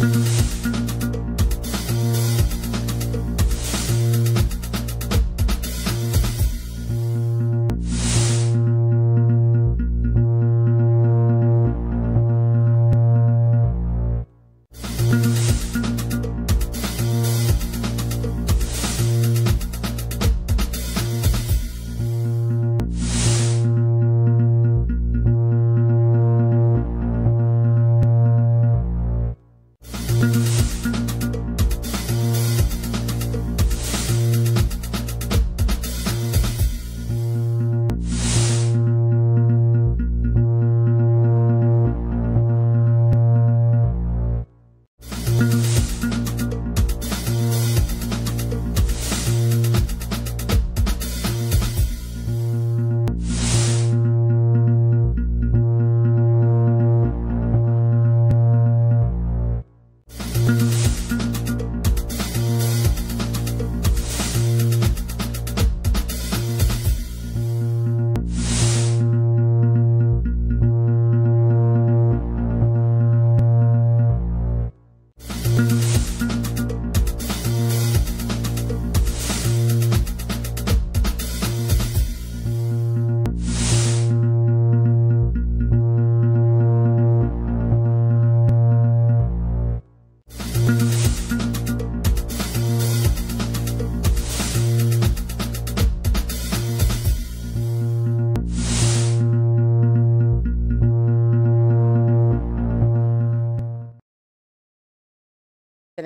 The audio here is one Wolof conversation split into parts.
Thank you.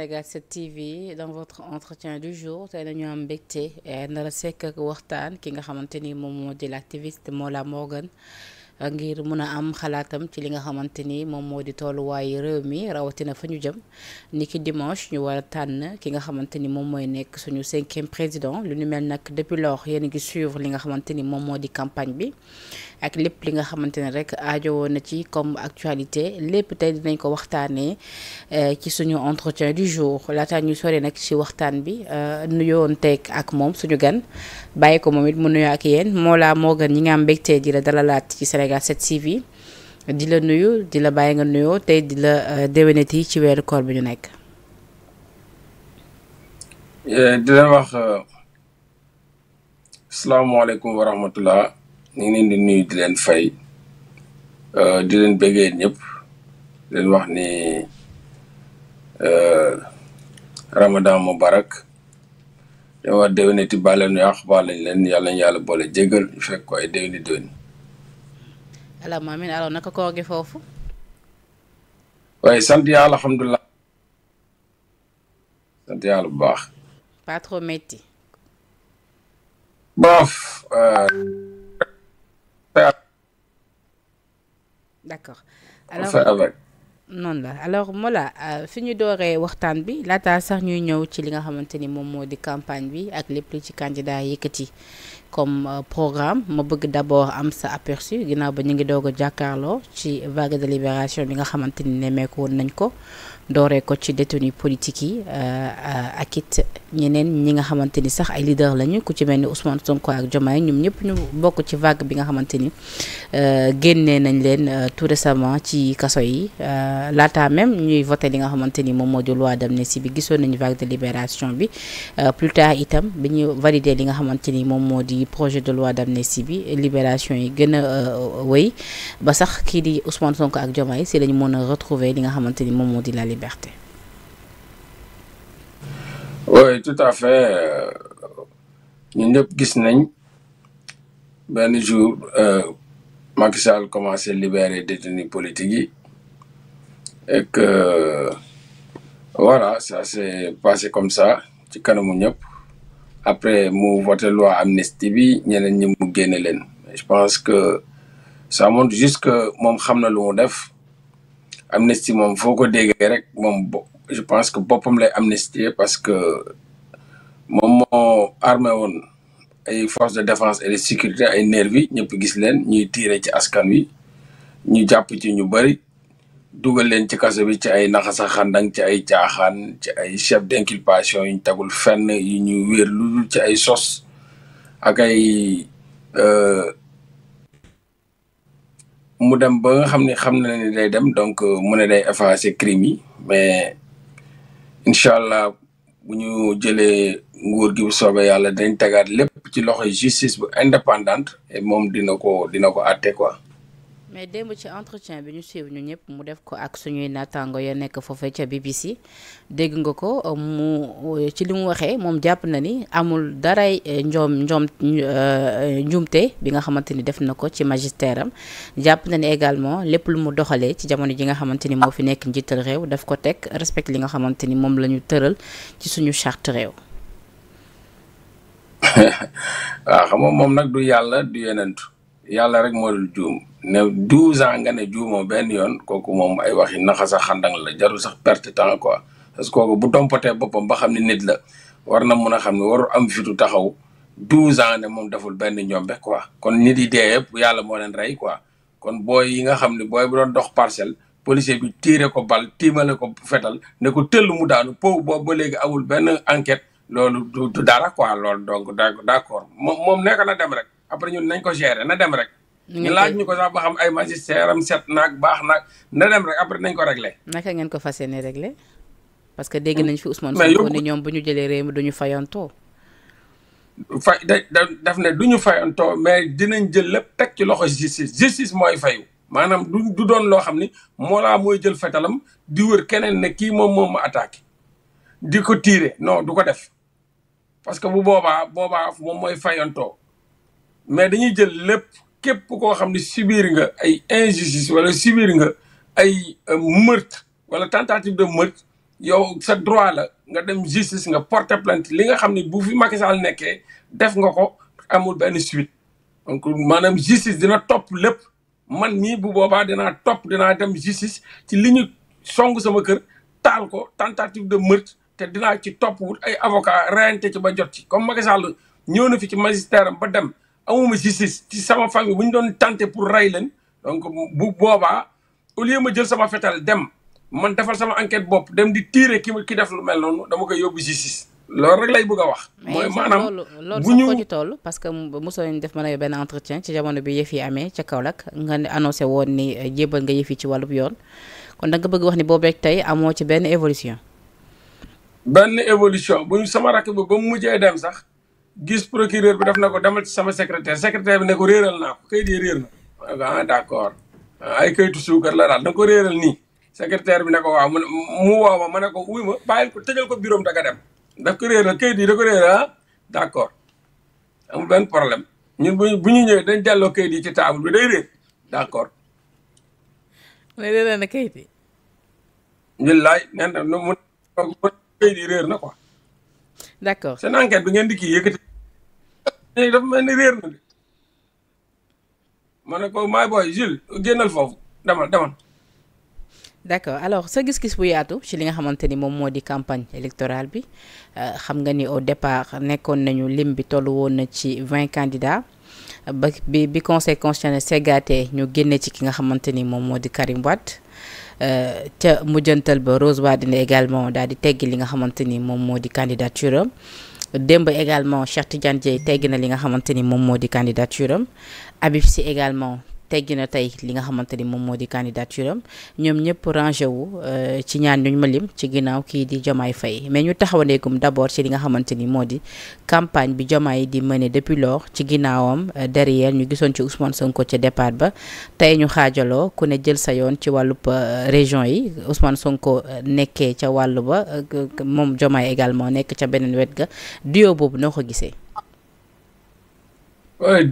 Sénégal 7 TV dans votre entretien du jour tey nañu am mbégte eh, nara sekk ak waxtaan ki nga xamante ni moom moo di l'activiste Mollah Morgun ngir mun a am xalaatam ci li nga xamante ni moom moo di tolluwaayu réew mi rawatina fa ñu jëm ni ki dimanche ñu war tànn ki nga xamante ni moom mooy nekk suñu cinquième président lu ñu mel nag depuis lors yéen ngi suivre li nga xamante ni moom moo di campagne bi ak lépp li nga xamante ni rek woon na ci comme actualité lépp tey dinañ ko waxtaanee euh, ci suñu entretien du jour laataa ñu sore nag ci waxtaan bi euh, nuyoon teeg ak moom suñu gan bàyyi ko moom it mu moo Sénégal 7 yi di la nuyu di la bàyyi nga nuyoo tey di la euh, déwénati ci weeru koor bi ñu nekk. Eh, di leen wax euh, salaamaaleykum wa rahmatullah ñu ngi leen nuyu di leen fay euh, di leen bëggee ñëpp leen wax ni Ramadan Mubarak di leen wax déwénati baal leen yàq baal lañ leen yàlla ñu yàlla boole jégal fekk ko ay déwéni déwén. allahumma amiin alors foofu. waaye sant yàlla alhamdulilah. sant yàlla bu baax. Euh, la euh, fi ñu dooree waxtaan bi laataa sax ñuy ñëw ci li nga xamante ni moom moo di campagne bi ak lépp li ci candidat yëkkati comme euh, programme ma bëgg d'abord am sa aperçu ginnaaw ba ñu ngi doog a jàkkaarloo ci vague de libération bi nga xamante ni nemmeeku nañ ko dooree ko ci détenu politique yi euh, ak it ñeneen ñi nga xamante ni sax ay leader lañu ku ci mel ni Ousmane Sonko ak Diomaye ñoom ñëpp ñu bokk ci vague bi nga xamante ni euh, génnee nañ leen euh, tout récemment ci kaso yi laata même ñuy voté li nga xamante ni moom moo di loi d'amnistie bi gisoon nañu vague de bi plus itam bi ñu validé li nga xamante ni moom moo di projet de loi d'amnistie bi libération yi gën a wéy sax kii di Ousmane Sonko ak Diomaye si lañu mën a retrouver li nga xamante ni moom moo di la liberté. tout à fait ñu ñëpp gis nañ benn jour euh, Macky Sall commencé libérer détenus politiques yi et que voilà ça s'est passé comme ça ci kanamu ñëpp après mu voté loi amnistie bi ñeneen ñi mu génne leen je pense que ça montre juste que moom xam na lu mu def. amnistie moom foo ko déggee rek moom je pense que boppam lay amnistier parce que moom moo armé woon ay forces de défense et de sécurité ay nervi ñëpp gis leen ñuy tiire ci askan wi ñu jàpp ci ñu bëri dugal leen ci kaso bi ci ay naxasa xandang ci ay caaxaan ci ay chef d'inculpation yu ñu tagul fenn yu ñu wéer lu ci ay sos akay ay euh, mu dem ba nga xam ne xam na ne day dem donc euh, mu ne day effacer crime yi mais incha allah bu ñu jëlee nguur gi bu soobee yàlla dañ tagaat lépp ci loxo justice bu indépendante et moom dina ko dina ko àtte quoi. mais démb ci entretien bi ñu suivre ñu ñëpp mu def ko ak suñuy naataango ya nekk foofee ca BBC dégg nga ko mu ci li mu waxee moom jàpp na ni amul daray eh, njoom njoom eh, njuumte bi nga xamante ni def na ko ci magistère am jàpp na ni également lépp lu mu doxalee ci jamono ji nga xamante ni moo fi nekk njiital réew daf ko teg respect li nga xamante ni moom la ñu tëral ci suñu charte réew. waaw ah, xam moom nag du yàlla du yeneentu yàlla rek moo dul juum ne douze ans nga ne juumoo benn yoon kooku moom ay waxi naxa sax xandang la jarul sax perte temps quoi parce que bu tompatee boppam ba xam ne nit la war na mun a xam ne warul am fitu taxaw douze ans ne moom deful benn ñombe quoi kon nit yi dee yëpp yàlla moo leen rey quoi kon booy yi nga xam ne booy bu doon dox parcelle policier bi tiire ko bal tiimale ko fetal ne ko tëll mu daanu po boobu ba léegi amul benn enquête loolu du dara quoi loolu donc d'accord moom moom nekk na dem rek après ñun nañ ko gérer na dem rek. ñu laaj ñu ko sax ba xam ay magistère am set naag baax naag na dem rek après nañ ko réglé. naka ngeen ko fas yéene réglé. parce que dégg nañ fi Ousmane Sonko ni ñoom ba ñu jëlee réew mi du ñu fayantoo. fa daf ne du ñu fayantoo mais dinañ jël lépp teg ci loxo justice justice mooy fayu. maanaam du du doon loo xam ni moolaa mooy jël fetalam di wër keneen ne kii moom moom ma attaqué di ko tiire non du ko def parce que bu boobaa boobaa moom mooy fayantoo mais dañuy jël lépp képp koo xam ni subir nga ay injustice wala subir nga ay euh, meurtre wala tentative de meurtre yow sa droit la nga dem justice nga porter plainte li nga xam ni bu fi Macky Sall nekkee def nga ko amul benn suite donc maanaam justice dina topp lépp man mii bu boobaa dinaa topp dinaa dem justice ci li ñu song sama kër taal ko tentative de meurtre te dinaa ci topp wut ay avocat reyante ci ba jot ci comme Macky Sall ñëw na fi ci magistère ba dem amuma justice ci sama famille bu ñu doon tenté pour rey leen donc bu boobaa au lieu ma jël sama fetal dem man defal sama enquête bopp dem di tiire ki ki def lu mel noonu dama koy yóbbu justice. loolu rek lay bëgg a wax. mooy maanaam bu ñu loolu ci toll parce que mosoo leen def ma a benn entretien ci jamono bi yëf yi amee ca Kaolack nga ne annoncé woon ni euh, jébbal nga yëf yi ci wàllub yoon kon da bëgg wax ni boobeeg tey amoo ci benn évolution. benn évolution bu ñu sama rakk bi sax. gis procureur bi def na ko demal sama secrétaire secrétaire bi ne ko réeral naa ko kayit yi réer ah, accord ah, ay kayitu suukar la daal na nga ko réeral nii secrétaire bi ne ko waaw mu mu woo ma ma ne ko wuy ma bàyyil ko tëjal ko bureau am da dem daf ko réeral kayit yi da ko réeral ah d' accord amul benn problème ñun bu bu ñu ñëwee dañ delloo kayit yi ci table bi day réer d' accord. ne réeral na kayit yi. billaay na mu kayit yi réer na ko d'accord seen enquête bi ngeen di kii yëkkati. dafa mel ni réer sa gis bu yaatu ci li nga xamante ni moom moo di campagne électorale bi euh, xam nga ni au départ nekkoon nañu lim bi tollu woon na ci vingt candidats. bi bi conseil constitutionnel segate ñu génne ci ki nga xamante ni moom moo di Karim Wade. Euh, ca mujjantal ba Rose Wardini également daal di teggi li nga xamante ni moom moo di candidature am démb également Cheikh Tidiane teggi na li nga xamante ni moom moo di candidature am Habib également teggi na tey li nga xamante ni moom moo di candidature ñoom ñëpp rangé wu euh, ci ñaan ñu ma lim ci ginnaaw kii di Diomaye Faye mais ñu taxawaneegum d' abord ci li nga xamante ni moo di campagne bi Diomaye di mené depuis lors ci ginnaawam euh, derrière ñu gisoon ci Ousmane Sonko ca départ ba tey ñu xaajaloo ku ne jël sa yoon ci wàllu wàllub euh, région yi Ousmane Sonko nekkee ca wàllu ba moom Diomaye également nekk ca beneen wet ga dio boobu noo ko gisee.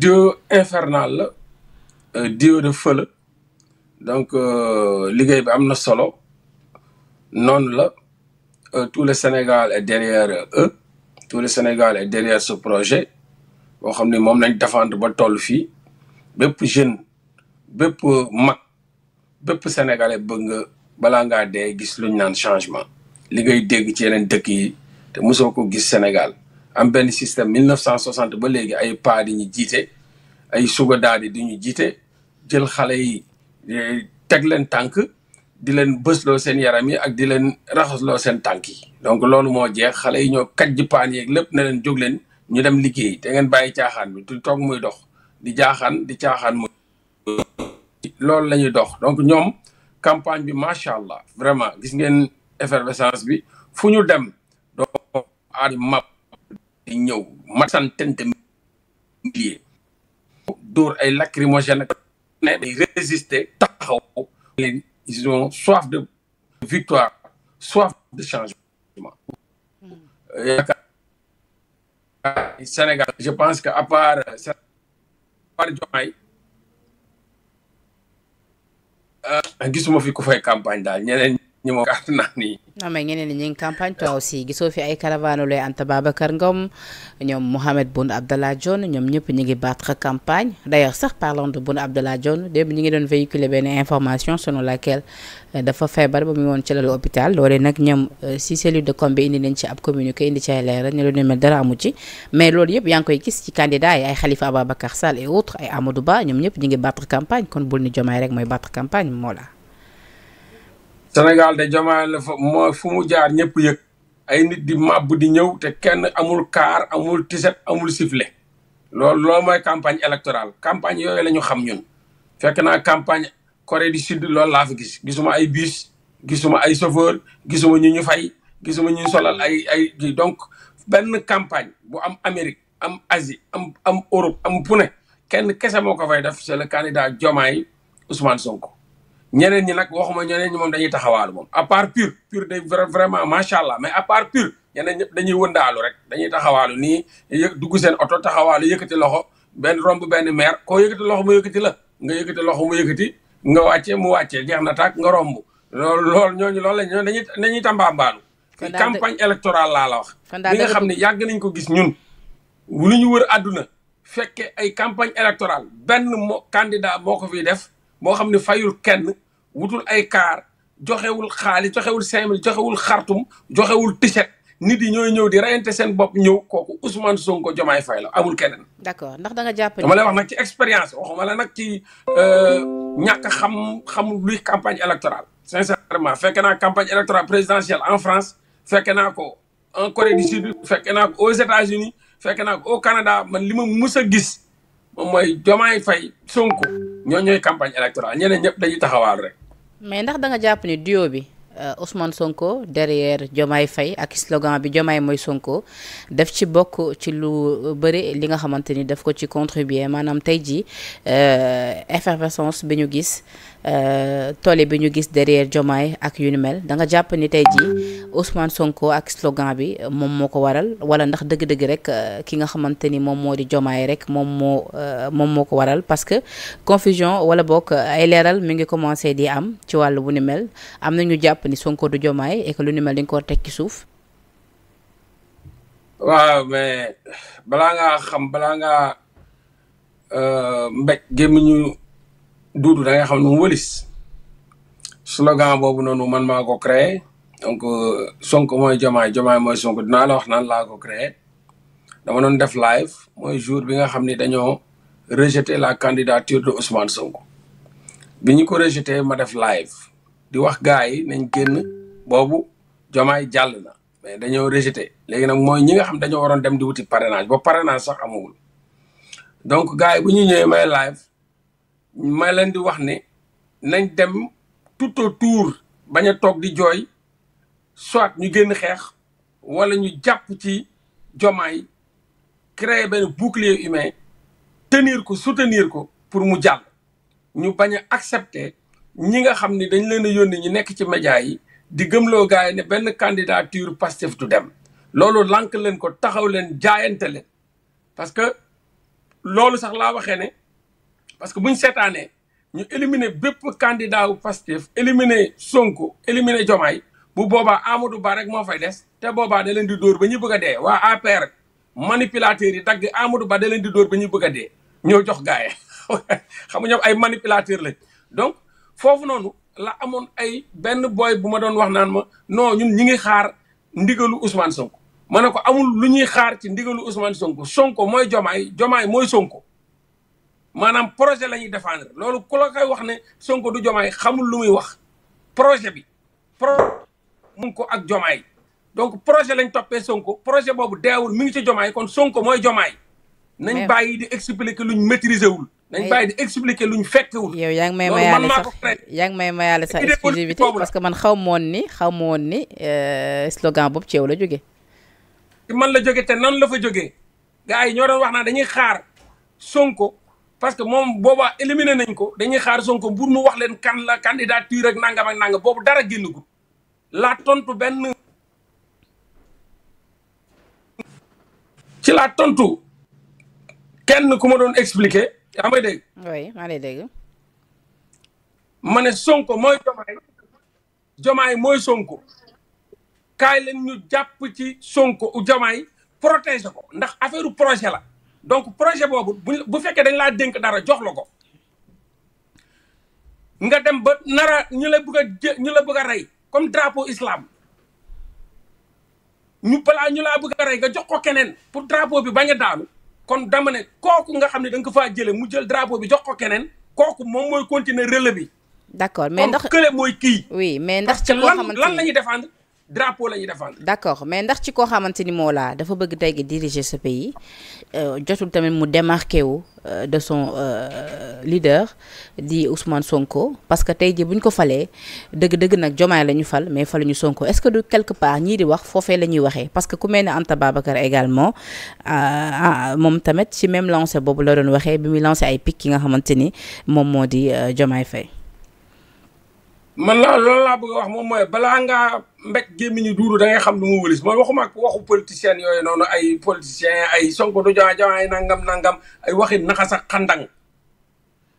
duo infernal Euh, diwo de fëla donc euh, liggéey bi am na solo noonu la euh, tout le Sénégal est derrière eux tout le Sénégal est derrière ce projet boo xam ne moom nañ défendre ba toll fii bépp jeune bépp mag bépp sénégalais bëgg nga balaa ngaa dee gis luñ naan changement li ngay dégg ci yeneen dëkk yi te mosoo ko gis Sénégal am benn système 1960 ba léegi ay paa di ñu jiite ay suga daal di ñu jiite jël xale yi eh, teg leen tànk di leen bësloo seen yaram yi ak di leen raxasloo seen tànk yi donc loolu moo jeex xale yi ñoo kaj ji paan yeeg lépp na leen jóg leen ñu dem liggéey te ngeen bàyyi caaxaan bi du toog muy dox di jaaxaan di caaxaan muy loolu la ñuy dox donc ñoom campagne bi macha allah vraiment gis ngeen effervescence bi fu ñu dem doo aadi map ñëw matantente milliers dóor ay lacrymogène ne day résister taxaw leen ils ont soif de victoire soif de changement hmm. Sénégal je pense que à part par Diomaye euh, gisuma fi ku fay campagne daal ñeneen ñu moom gàtt ñeneen ñu ngi campagne toi gisoo fi ay caravane lay Anta Babacar Ngom ñoom Mohamed Boun Abdallah Dionne ñoom ñëpp ñu ngi battre campagne d'ailleurs sax parlant de Boun Abdallah Dionne démb ñu ngi doon véhiculer benn information selon laquelle euh, dafa feebar ba mu woon ci lalu hôpital loolee nag ñoom euh, si cellule de com bi indi nañ ci ab communiqué indi ci ay leeral ñu doon mel dara amu ci mais loolu yëpp yaa ngi koy gis ci candidat yi ay Khalifa Ababacar Sall et autres ay Amadou Ba ñoom ñëpp ñu ngi battre campagne kon bul ni Diomaye rek mooy campagne moo la Sénégal de Diomaye la fa moo fu mu jaar ñëpp yëg ay nit di màbb di ñëw te kenn amul kaar amul tiset amul sifflet lool loolu mooy campagne électorale campagne yooyu la ñu xam ñun fekk naa campagne Corée du Sud loolu laa fa gis gisuma ay bus gisuma ay chauffeur gisuma ñu ñu fay gisuma ñu solal ay ay donc benn campagne bu am Amérique am asi am am Europe am pune kenn kese moo ko fay def c'est le candidat Diomaye Ousmane Sonko ñeneen ñi nag waxuma ñeneen ñi moom dañuy taxawaalu moom à part pur pur day vraiment macha allah mais à part pur ñeneen ñëpp dañuy wëndaalu rek dañuy taxawaalu nii dugg seen oto taxawaalu yëkkati loxo benn romb benn maire koo yëkkati loxo mu yëkkati la nga yëkkati loxo mu yëkkati nga wàcce mu wàcce jeex na taak nga romb loolu loolu ñooñu loolu la ñoo dañuy dañuy tambaambaalu campagne électorale laa la wax li nga xam ne yàgg nañ ko gis ñun lu ñu wër àdduna fekke ay campagne électorale benn mo candidat moo ko fiy def moo xam ne fayul kenn wutul ay kaar joxewul xaalis joxewul cinq joxewul xartum joxewul tichet nit yi ñooy ñëw di reyante seen bopp ñëw kooku Ousmane Sonko Jomaay Fay la amul keneen. d'accord ndax da nga jàpp ne. lay wax nag ci expérience waxuma la nag ci euh, ñàkk xam xam luy campagne électorale. sincèrement fekke naa campagne électorale présidentielle en France fekke naa ko en Corée du Sud fekke naa ko aux états naa ko au Canada man li ma mus a gis. moom mooy Diomaye fay Sonko ñoo ñooy campagne électorale ñeneen ñëpp dañuy taxawaal rek. mais ndax da nga jàpp ni duo bi. Euh, Ousmane Sonko derrière Diomaye Faye ak slogan bi Diomaye mooy Sonko def ci bokk ci lu bëri li nga xamante ni daf ko ci contribuer maanaam tey jii euh, effervescence bi ñu gis euh, toole bi ñu gis derrière Diomaye ak yu ni mel da nga jàpp ni tey ji ausman Sonko ak slogan bi moom moo ko waral wala ndax dëgg-dëgg rek ki nga xamante ni moom moo di Diomaye rek moom moo moom moo ko waral parce que confusion wala bokk ay leeral mi ngi commencé di am ci wàllu bu ni mel Sonko du Diomaye et que di ni mel dañ ko war suuf. waaw mais balaa ngaa xam balaa ngaa euh, mbéj gémmiñu duudu da xam nu mu slogan boobu noonu man maa ko créé donc euh, sonk mooy Diomaye Diomaye mooy Sonko dinaa la wax naan laa ko créé dama doon def live mooy jour bi nga xam ni dañoo rejeté la candidature de Ousmane Sonko bi ñu ko rejeté ma def live di wax gars yi nañ génn boobu jomaay jàll na mais dañoo rejeté léegi nag mooy ñi nga xam dañoo waroon dem di wuti pare parrainage ba parrainage sax amagul donc gars yi bu ñu ñëwee may live may leen di wax ne nañ dem tout autour bañ a toog di jooy soit ñu génn xeex wala ñu jàpp ci jomaay créer benn bouclier humain tenir ko soutenir ko pour mu jàll ñu bañ a accepter ñi nga xam ni dañ leen a yónni ñu nekk ci média yi di gëmloo gars yi ne benn candidature Pastef du dem loolu lank leen ko taxaw leen jaayante leen parce que loolu sax laa waxee ne parce que bu ñu seetaanee ñu éliminer bépp candidat wu Pastef éliminer Sonko éliminer Jomaay bu boobaa Amadou Ba rek moo fay des te boobaa da leen di dóor ba ñu bëgg a dee waa APR manipulateurs yi dagg Amadou Ba leen di dóor ba ñu bëgg a dee ñoo jox gars yi xam nga ñoom ay manipulateurs lañ donc foofu noonu la amoon ay benn boy bu ma doon wax naan ma noo ñun ñi ngi xaar ndigalu usmaan Sonko ma ne ko amul lu ñuy xaar ci ndigalu Ousmane Sonko Sonko mooy jomaay jomaay mooy Sonko maanaam projet la ñuy défendre loolu ku la wax ne Sonko du jomaay xamul lu muy wax projet bi pro mun ko ak jomaay donc projet lañ toppee Sonko projet boobu deewul mi ngi ci jomaay kon Sonko mooy jomaay nañ bàyyi di expliquer luñ maîtriser wul dañ bàyyi di expliquer luñ fekkewul. yow yaa ngi may mayaale sax yaa ngi may mayaale sax exclusivité parce que man xaw ma woon ni xaw ma woon ni euh, slogan boobu ci yow la jóge man la jóge te nan la fa jógee gars yi ñoo doon wax naa dañuy xaar Sonko parce que moom boobaa éliminé nañ ko dañuy xaar Sonko pour mu wax leen kan la candidature ak nangam ak nangam boobu dara génnagul laa tontu benn. ci laa tontu kenn ku ma doon expliquer. yaa may dégg. oui maa lay dégg. Sonko mooy Jomaay Jomaay mooy Sonko kaay leen ñu jàpp ci Sonko u Jomaay ko ndax affaire projet la donc projet boobu bu bu fekkee dañ laa dénk dara jox la ko nga dem ba nara ñu la bëgg a la bëgg a rey comme drapeau islam ñu balaa ñu laa bëgg a rey nga jox ko keneen pour drapeau bi bañ a daanu. kon dama ne kooku nga xam ne da ko faa jëlee mu jël drapeau bi jox ko keneen kooku moom mooy continuer relais bi. d'accord mais ndax kon kële mooy kii. oui mais ndax ci koo xamante lan lan la ñuy défendre drapeau la ñuy défendre. d'accord mais ndax ci koo xamante ni moo laa dafa bëgg tey gi diriger ce pays. Euh, jotul tamit mu démarqué wu euh, de son euh, leader di Ousmane Sonko parce que tey jii bu ñu ko falee dëgg-dëgg nag Diomaye la ñu fal mais ñu Sonko est-ce que du quelque part ñii di wax foofee la ñuy waxee parce que ku mel ne Anta Babacar également ah, moom tamit ci même lancé boobu la doon waxee bi muy lancé ay pic yi nga xamante ni moom moo di Diomaye Faye man la loolu laa bëgg wax moom mooy balaa ngaa mbéj gémmiñu duudu da ngay xam lu mu wëlis man waxuma ak waxu politicien yooyu noonu ay politicien ay Sonko du jaay jaay nangam nangam ay waxi naxa sax xandang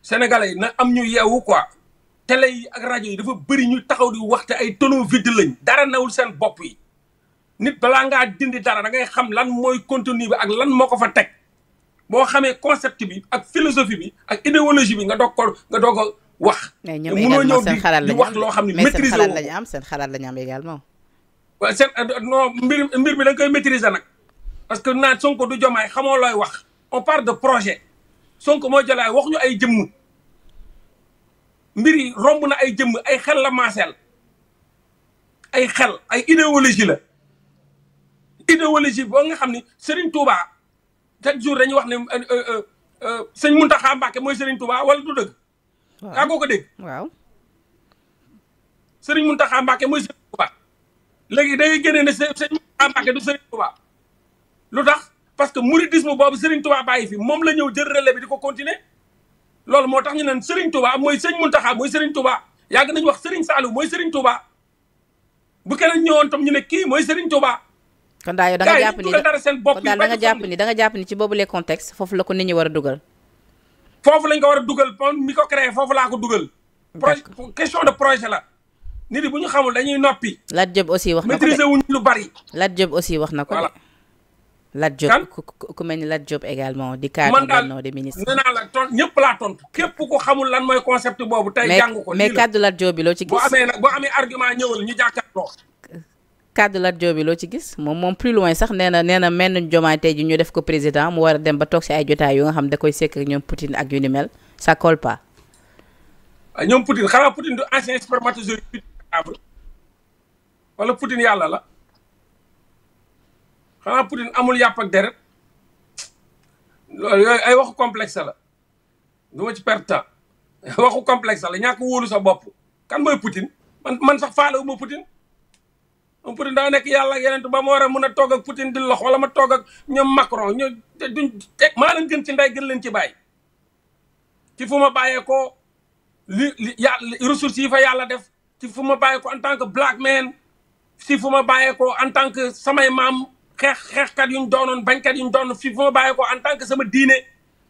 sénégalais yi na am ñu yeewu quoi télé yi ak rajo yi dafa bëri ñu taxaw di waxte ay tonneau vide lañ dara nawul seen bopp yi nit balaa ngaa dindi dara da ngay xam lan mooy contenu bi ak lan moo ko fa teg boo xamee concept bi ak philosophie bi ak idéologie bi nga doog ko nga doog wax. mënoo ñëw di di wax loo xam ne maîtriser wu seen xalaat la ñu am seen xalaat la ñu am également. waaw seen euh, non mbir mbir mi da nga koy maîtriser nag parce que naat Sonko du jomaay xamoo looy wax. on part de projet Sonko mooy jëlaay wax ñu ay jëmm mbir yi romb na ay jëmm ay xel la maaseel ay xel ay idéologie la idéologie boo nga xam ni Serigne Touba chaque jour dañuy wax ne euh, euh, sëñ Mountakha Mbacké mooy Serigne Touba wala du dëgg. kaa koo ko dégg waaw sëriñ Muntaxa Mbàkke mooy sëriñ Tuubaa léegi day génne ne sëriñ Muntaxa Mbàkke du sëriñ Tuubaa lu tax parce que mouridisme boobu sëriñ Tuubaa bàyyi fi moom la ñëw jël relais bi di ko continuer loolu moo tax ñu naan sëriñ Tuubaa mooy sëriñ Muntaxa mooy sëriñ Tuubaa yàgg nañu wax sëriñ Saliou mooy sëriñ Tuubaa bu keneen ñëwoon tam ñu ne kii mooy sëriñ Tuubaa kon daayo da nga jàpp ni dara seen bopp kon daal da nga jàpp ni da ci boobu les contexte foofu la ko nit ñi war a dugal foofu lañ ko war a dugal pon mi ko créé foofu laa ko dugal. projet question de projet la. nit yi bu ñu xamul dañuy noppi. Lat Diop aussi wax na ko de maîtriser lu bari. Lat Diop aussi wax na ko de. Lat Diop ku mel ni Lat Diop également di cadre Benno des ministres. nee naa la ton ñëpp laa tontu. képp ku xamul lan mooy concept boobu. tey jàng ko mais mais cadre Lat bi loo ci gis. boo amee nag boo amee argument ñëwal ñu jàkkaarloo. cadre Lat Diop loo ci gis moom moom plus loin sax nee na nee na mel nañ jomaay tey ji ñu def ko président mu war a dem ba toog si ay jotaay yu nga xam da koy sekk ak ñoom Poutine ak yu ni mel ça colle ah, ñoom Poutine xanaa Poutine du ancien spermatozoïde wala Poutine yàlla la xanaa Poutine amul yàpp ak deret loolu yooyu ay waxu complexe la du ma ci perte temps waxu complexe la ñàkk wóolu sa bopp kan mooy Poutine man sax faale wu ma am Poutine daa nekk yàlla ak yeneen ba ma war a mun a toog ak Poutine di lox wala ma toog ñoom Macron ñu duñ teg maa leen gën ci ndey gën leen ci bàyyi ci fu ma bàyyee ko li li yàlla ressources yi fa yàlla def ci fu ma bàyyee ko en tant que black man ci fu ma bàyyee ko en tant que samay maam xeex xeexkat yuñ doonoon bañkat yuñ doonoon ci fu ma bàyyee ko en tant que sama diine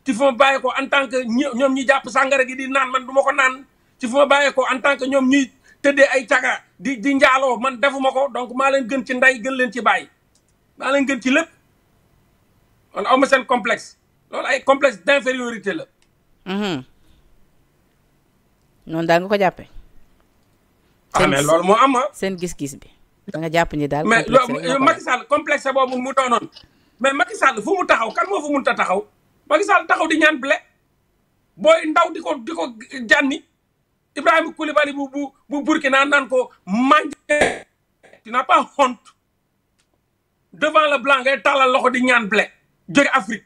ci fu ma bàyyee ko en tant que ñoom ñi jàpp sangara gi di naan man du ma ko naan ci fu ma bàyyee ko en tant que ñoom ñuy tëddee ay caga di di njaaloo man defuma ko donc maa leen gën ci ndey gën leen ci bàyyi maa leen gën ci lépp man awma seen complexe loolu ay complexe d'infériorité la mhm. noonu daal nga ko jàppe ah mais loolu moo am ah. seen gis-gis bi da nga jàpp ni daal mais loolu Macky Sall complexe boobu mu doonoon mais Macky Sall fu mu taxaw kan moo fu mun ta taxaw Macky Sall taxaw di ñaan blé booy ndaw di ko di ko jànni Ibrahima Koulibaly bu bu bu Burkina naan ko manje tu n'as pas honte devant le blanc ngay tàllal loxo di ñaan blé jóge Afrique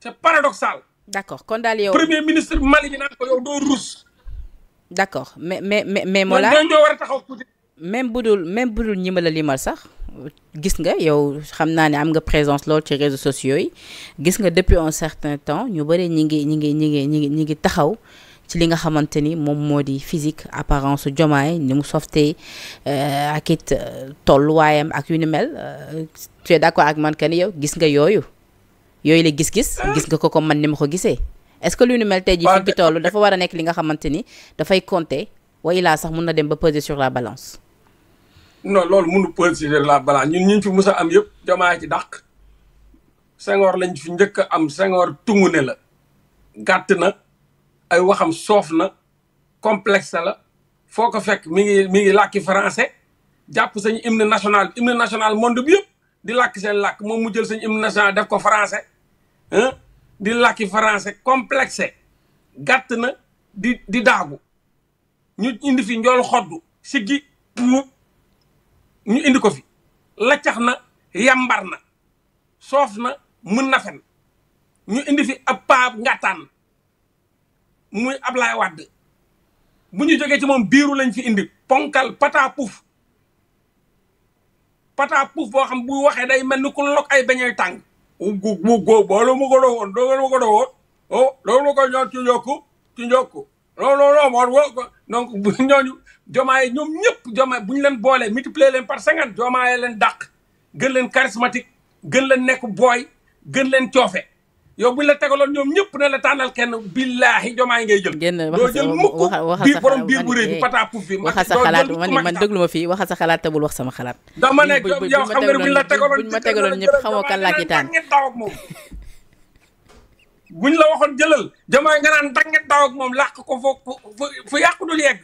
c'est paradoxal. d'accord kon daal yow premier ministre Mali bi naan ko yow doo ruus. d'accord mais mais mais mais Mollah ñoo war a taxaw tuuti même bu dul même bu dul ñi ma la limal sax gis nga yow xam naa ne am nga présence lool ci réseaux sociaux yi gis nga depuis un certain temps ñu bëri ñi ngi ñi ngi ñi ngi ñi ngi ñi ngi taxaw. ci li nga xamante ni moom moo di physique apparence Diomaye ni mu softee euh, ak it euh, tolluwaayam ak yu ni mel euh, tu es ak man que yow gis nga yooyu yooyu la gis-gis gis nga ko ko man ni ma ko gisee est-ce que lu ni mel tey ji fi mu toll dafa war a nekk li nga xamante ni dafay compter way laa sax mun na dem ba peser sur la balance non loolu mënu peser sur la balance ñun ñun fi mës am yëpp Diomaye ci dàq Senghor lañ fi njëkk a am Senghor tungu ne la gàtt na ay waxam soof na complexe la foo ko fekk mi ngi mi ngi làkki français jàpp sañ hymne national hymne national monde bi yëpp di lakk seen làkk moom mu jël sañ hymne national def ko français di làkki français complexe gàtt na di di daagu ñu indi fi njool xoddu siggi ñu indi ko fi laccax na yambar na soof na mën na ñu indi fi ab paab ngàttaan muy Ablaye Wade bu ñu jógee ci moom biiru lañ fi indi ponkal pata puuf pata puuf boo xam bu waxee day mel ni ku lokk ay beñey tàng bu góo boolu mu ko dowoon doolu mu ko dowoon o oh, loolu ma ko ñoon ci njokku ci njokku looloo moon wo donc ñooñu jomaaye ñoom ñëpp jomaay bu ñu leen boolee multiplier leen par cinquante jomaaye leen dàq gën leen charismatique gën leen nekk booy gën leen coofe yow bu la tegaloon ñoom ñëpp ne la tànnal kenn billaahi jomaay ngay jël. génn waxal sa waxal waxal biir borom biir bu rëy bi pata puuf bi. waxal sa xalaat man man déglu ma fii waxal sa xalaat te bul wax sama xalaat. dama ne yow xam nga ne bu la tegaloon buñ ma tegaloon ñëpp xamoo kan laa ci tànn buñ la waxoon jëlal jomaay nga naan dangeen daw ak moom làq ko foo fu yàqu dul yegg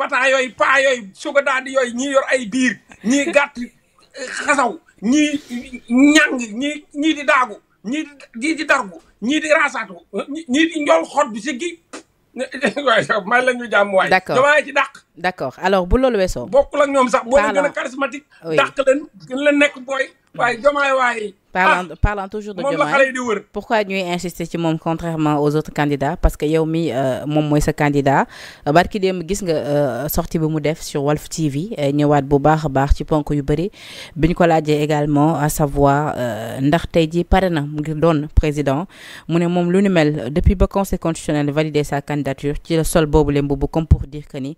pata yooyu paa yooyu suga daal di yooyu ñii yor ay biir ñii gàtt xasaw ñii ñàng ñii ñii di daagu ñii di di dargu ñii di raasaatu ñii di njool xot bi si gi waaye may la ñu jàmm waay. d' accord damaa ci dàq. d' accord alors bu loolu weesoo. bokkul ak ñoom sax. boo leen gën a charismatique. dàq leen gën leen nekk booy. waaye jomaay waay. parlant ah! parlant toujours de Diomaye pourquoi ñuy insister ci moom contrairement aux autres candidats parce que yow mi euh, moom mooy sa candidat euh, barki dem gis nga euh, sortie bi mu def sur Walf TV ñëwaat bu baax a baax ci ponk yu bëri bi ñu ko laajee également à savoir ndax tey ji pare na mu ngir doon président mu ne moom lu nu mel depuis ba conseil constitutionnel validé sa candidature ci la sol boobu leen boobu comme pour dire que ni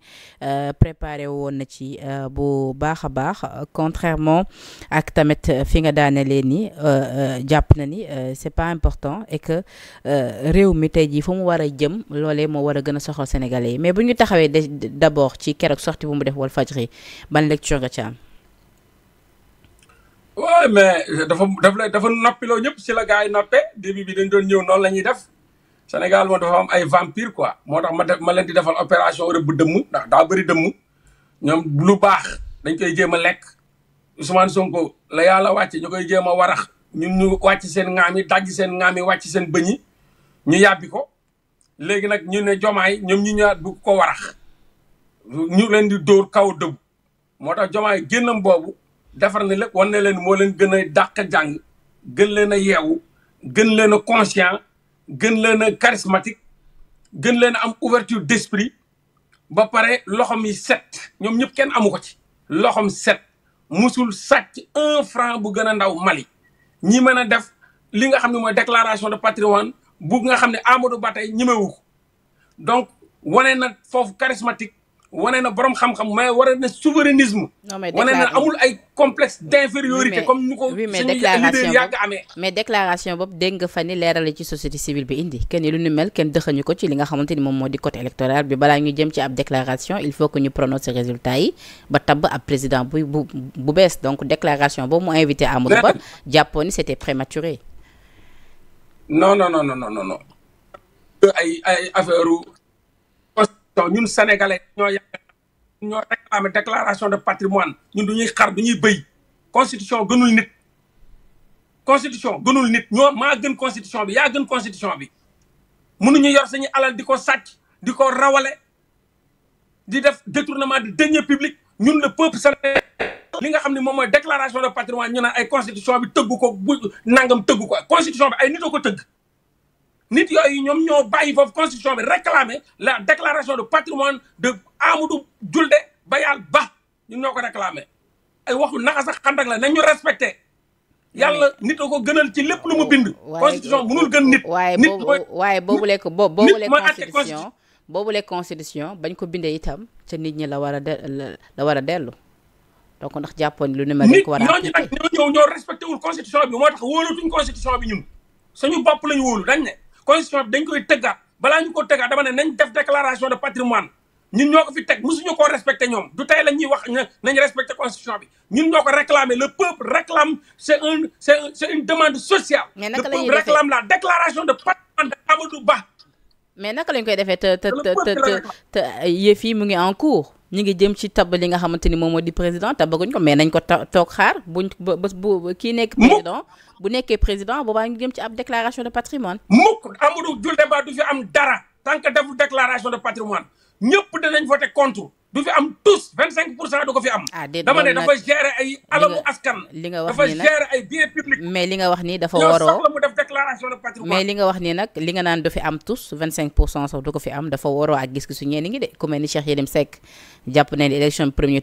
préparé woon na ci bu baax a baax contrairement ak tamit fi nga daane leen ni Euh, euh, jàpp na ni euh, c'est pas important et que réew mi tey jii fu mu war a jëm loole moo war a gën a soxal sénégalais yi mais bu ñu taxawee d'abord ci keroog sortie bu mu def Walfadjri ban lecture nga ci am. waaw mais dafa dafa dafa noppiloo ñëpp si la gars yi noppee début bi dañ doon ñëw noonu la ñuy def Sénégal moom dafa am ay vampire quoi moo tax ma def ma leen di defal opération rëbb dëmm ndax daa bëri dëmm ñoom lu baax dañ koy jéem lekk Ousmane Sonko la yàlla ñun ñu wàcc seen ŋaam yi dajj seen ŋaam yi wàcc seen bëñ ñu yàbbi ko léegi nag ñu ne jomaay ñoom ñu ñëwaat bu ko warax ñu leen di dóor kaw dëbb moo tax jomaay génnam boobu defar na lépp wan ne leen moo leen gën a dàq jàng gën leen a yeewu gën leen a conscient gën leen a charismatique gën leen am ouverture d'esprit ba pare loxom yi set ñoom ñëpp kenn amu ko ci loxom set musul sàcc un franc bu gën a ndaw Mali ñi mën a def li nga xam ne mooy déclaration de patrimoine bu nga xam ne Amadou Ba tey ñemewu ko donc wane na foofu charismatique wane na borom xam-xam mais wane na souverainisme. wane na amul ay complexe d' infériorité comme ni ko. suñu leader mais déclaration boobu dégg nga fa ni leerale ci société civile bi indi que ni lu nu mel kenn dëxañu ko ci li nga xamante ni moom moo di côté électoral bi balaa ñu jëm ci ab déclaration il faut que ñu prononcer résultat yi ba tabb ab président bu bu bu bees donc déclaration boobu moo invité Amadou Ba jàppoon ni c' était prématuré. no non non non non non. Euh, ay ay affaire donc ñun sénégalais ñoo yàgg ñoo réclamé déclaration de patrimoine ñun du ñuy xar du ñuy bëy constitution gënul nit constitution gënul ñoo maa gën constitution bi yaa gën constitution bi mënuñu yor sañu alal di ko sàcc di ko rawale di def détournement de deniers publics ñun le peuple sénégalais li nga xam ne moom mooy déclaration de patrimoine ñu naan ay constitution bi tëgg ko bu nangam tëgg ko constitution bi ay nit a ko tëgg nit yooyu ñoom ñoo bàyyi foofu constitution bi réclamer la déclaration de patrimoine de Amadou Julde Bayal Ba ñun ñoo ko réclamer ay waxu naxa sax xandak la nañ ñu respecté yàlla nit a ko gënal ci lépp lu mu oh. bind constitution mënul gën nit nit waaye boobule ko boobu boobule constitution boobule constitution bañ ko bindee itam ca nit ñi la war a de la war a dellu donc ndax jàppoon lu numérique war a ñooñu nag ñoo ñëw ñoo respecté bi moo tax wóolatuñ suñu bopp lañu wóolu dañ ne constitution bi dañ koy tëggaat balaa ñu ko tëggaat dama ne nañ def déclaration de patrimoine ñun ñoo ko fi teg mosuñu koo respecté ñoom du tey la ñuy wax nañ respecté constitution bi ñun ñoo ko réclamé le peuple réclame c' est un c' est c' est une demande sociale. mais naka la ñuy defee le peuple réclame la déclaration de patrimoine de Amadou Ba. mais naka lañ koy defee te te te te yëf yi mu ngi en cours. ñu ngi jëm ci tab li nga xamante ni moom moo di président tabaguñ ko mais nañ ko toog xaar buñ ba bu kii nekk. président bu nekkee président boobaa ñu jëm ci ab déclaration de patrimoine mukk Amadou Diouldé Ba du fi am dara tant que deful déclaration de patrimoine ñëpp danañ voté contre du fi am tous 25 pour du ko fi am. ah déedéet dama ne dafa gérer ay. alalu askan. li nga wax ni dafa gérer ay biens publics. mais li nga wax nii dafa waroo déclaration de patrimoine mais li nga wax ni nag li nga naan du fi am tous 25 pour cent sax du ko fi am dafa waroo ak gis-gisu ñenn ñi de ku mel ni Cheikh Yérim Seck jàpp nañ élection premier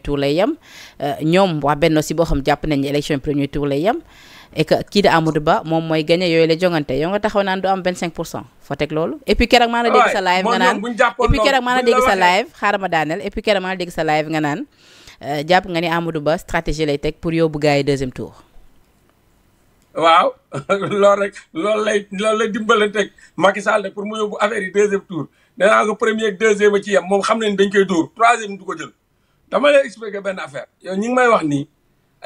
euh, premier tour lay yem et kii da Amadou Ba moom mooy gagné yooyu la jongante yow nga taxaw naan du am 25 pour cent fa teg loolu et puis keroog maa la dégg sa live nga naan et keroog maa la dégg sa live nga naan euh, jàpp nga ni Amadou Ba stratégie lay teg pour yóbbu gars yi deuxième waaw loolu rek loolu lay loolu lay dimbalanteeg Macky Sall pour mu yóbbu affaire yi deuxième tour nee naa ko premier ak deuxième a ci yem moom xam nañ dañ koy dóor troisième du ko jël dama lay expliquer benn affaire yow ñi ngi may wax nii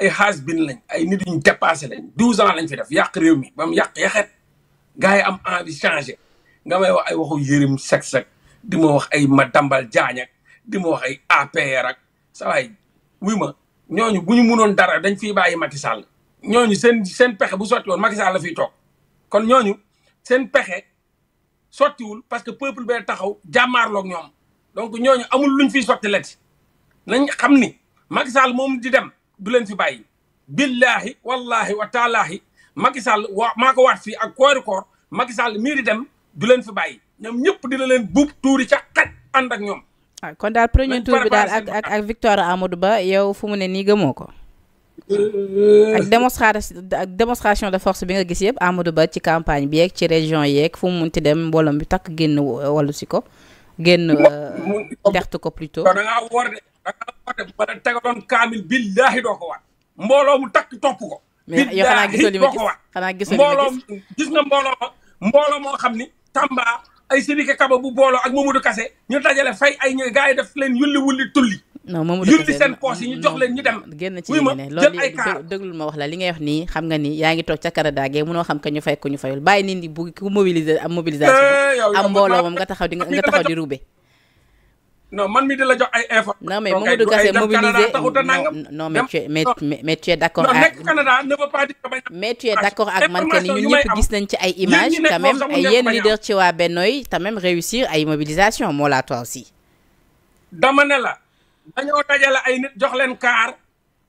ay xaas bin lañ ay nit ñu dépassé lañ douze ans lañ fi def yàq réew mi ba mu yàq yaxet gars yi am envie changé nga may wax ay waxu Yérim Seck Seck di ma wax ay Madiambal Diagne ak di ma wax ay APR ak sa waay wuy ma ñooñu gu ñu munoon dara dañ fiy bàyyi Macky Sall ñooñu seen seen pexe bu sotti woon Macky Sall la fiy toog kon ñooñu seen pexe sottiwul parce que peuple be taxaw jàmmaarloog ñoom donc ñooñu amul luñ fiy sotti leti nañ xam ni Macky Sall moom di dem du leen fi bàyyi billaahi wallaahi wa taalaahi Macky Sall wa maa ko waat fi ak koori koor Macky Sall di dem du leen fi bàyyi ñoom ñëpp dina leen buub tuuri ca xaj ànd ak ñoom. Ah, kon daal premier tour bi daal ak ak victoire Amadou Ba yow fu mu ne nii gëmoo ko. ak démonstration ak de force bi nga gis yëpp Amadou Ba ci campagne bi yeeg ci région yeeg fu mu munti dem mbooloom bi takk génn wàllu si ko génn euh, dextu ko plutôt da ngaa woor de da ngaa woor de ba kaamil billaahi doo ko waat mbooloo mu takk topp ko yow xanaa gisoo li gis xanaa gisoo li ma gis na gis nga mbooloo ma mbooloo moo xam ni Tamba ay Sidiki Kaba bu booloo ak Mamadou kase ñu dajale fay ay ñooy gars yi def leen yulli wulli tulli ma moom yulli seen poche yi ñu jox leen ñu dem génn ci ma jël ma wax la li ngay wax nii xam nga nii yaa ngi toog ca karadaagee munoo xam ka ñu fay ku ñu fayul bàyyi nit ñi bu ku mobiliser am mobilisation eh, am mbooloo moom nga taxaw di nga taxaw di rube man mi di la jox ay info non mais Mamadou Kassé mobilisé ak mais tu d'accord ak man que ni ñu ñëpp gis nañ ci ay image quand même ay yenn leader ci waa Benno yi réussir ay mobilisation moo laa toi aussi dañoo dajale ay nit jox leen kaar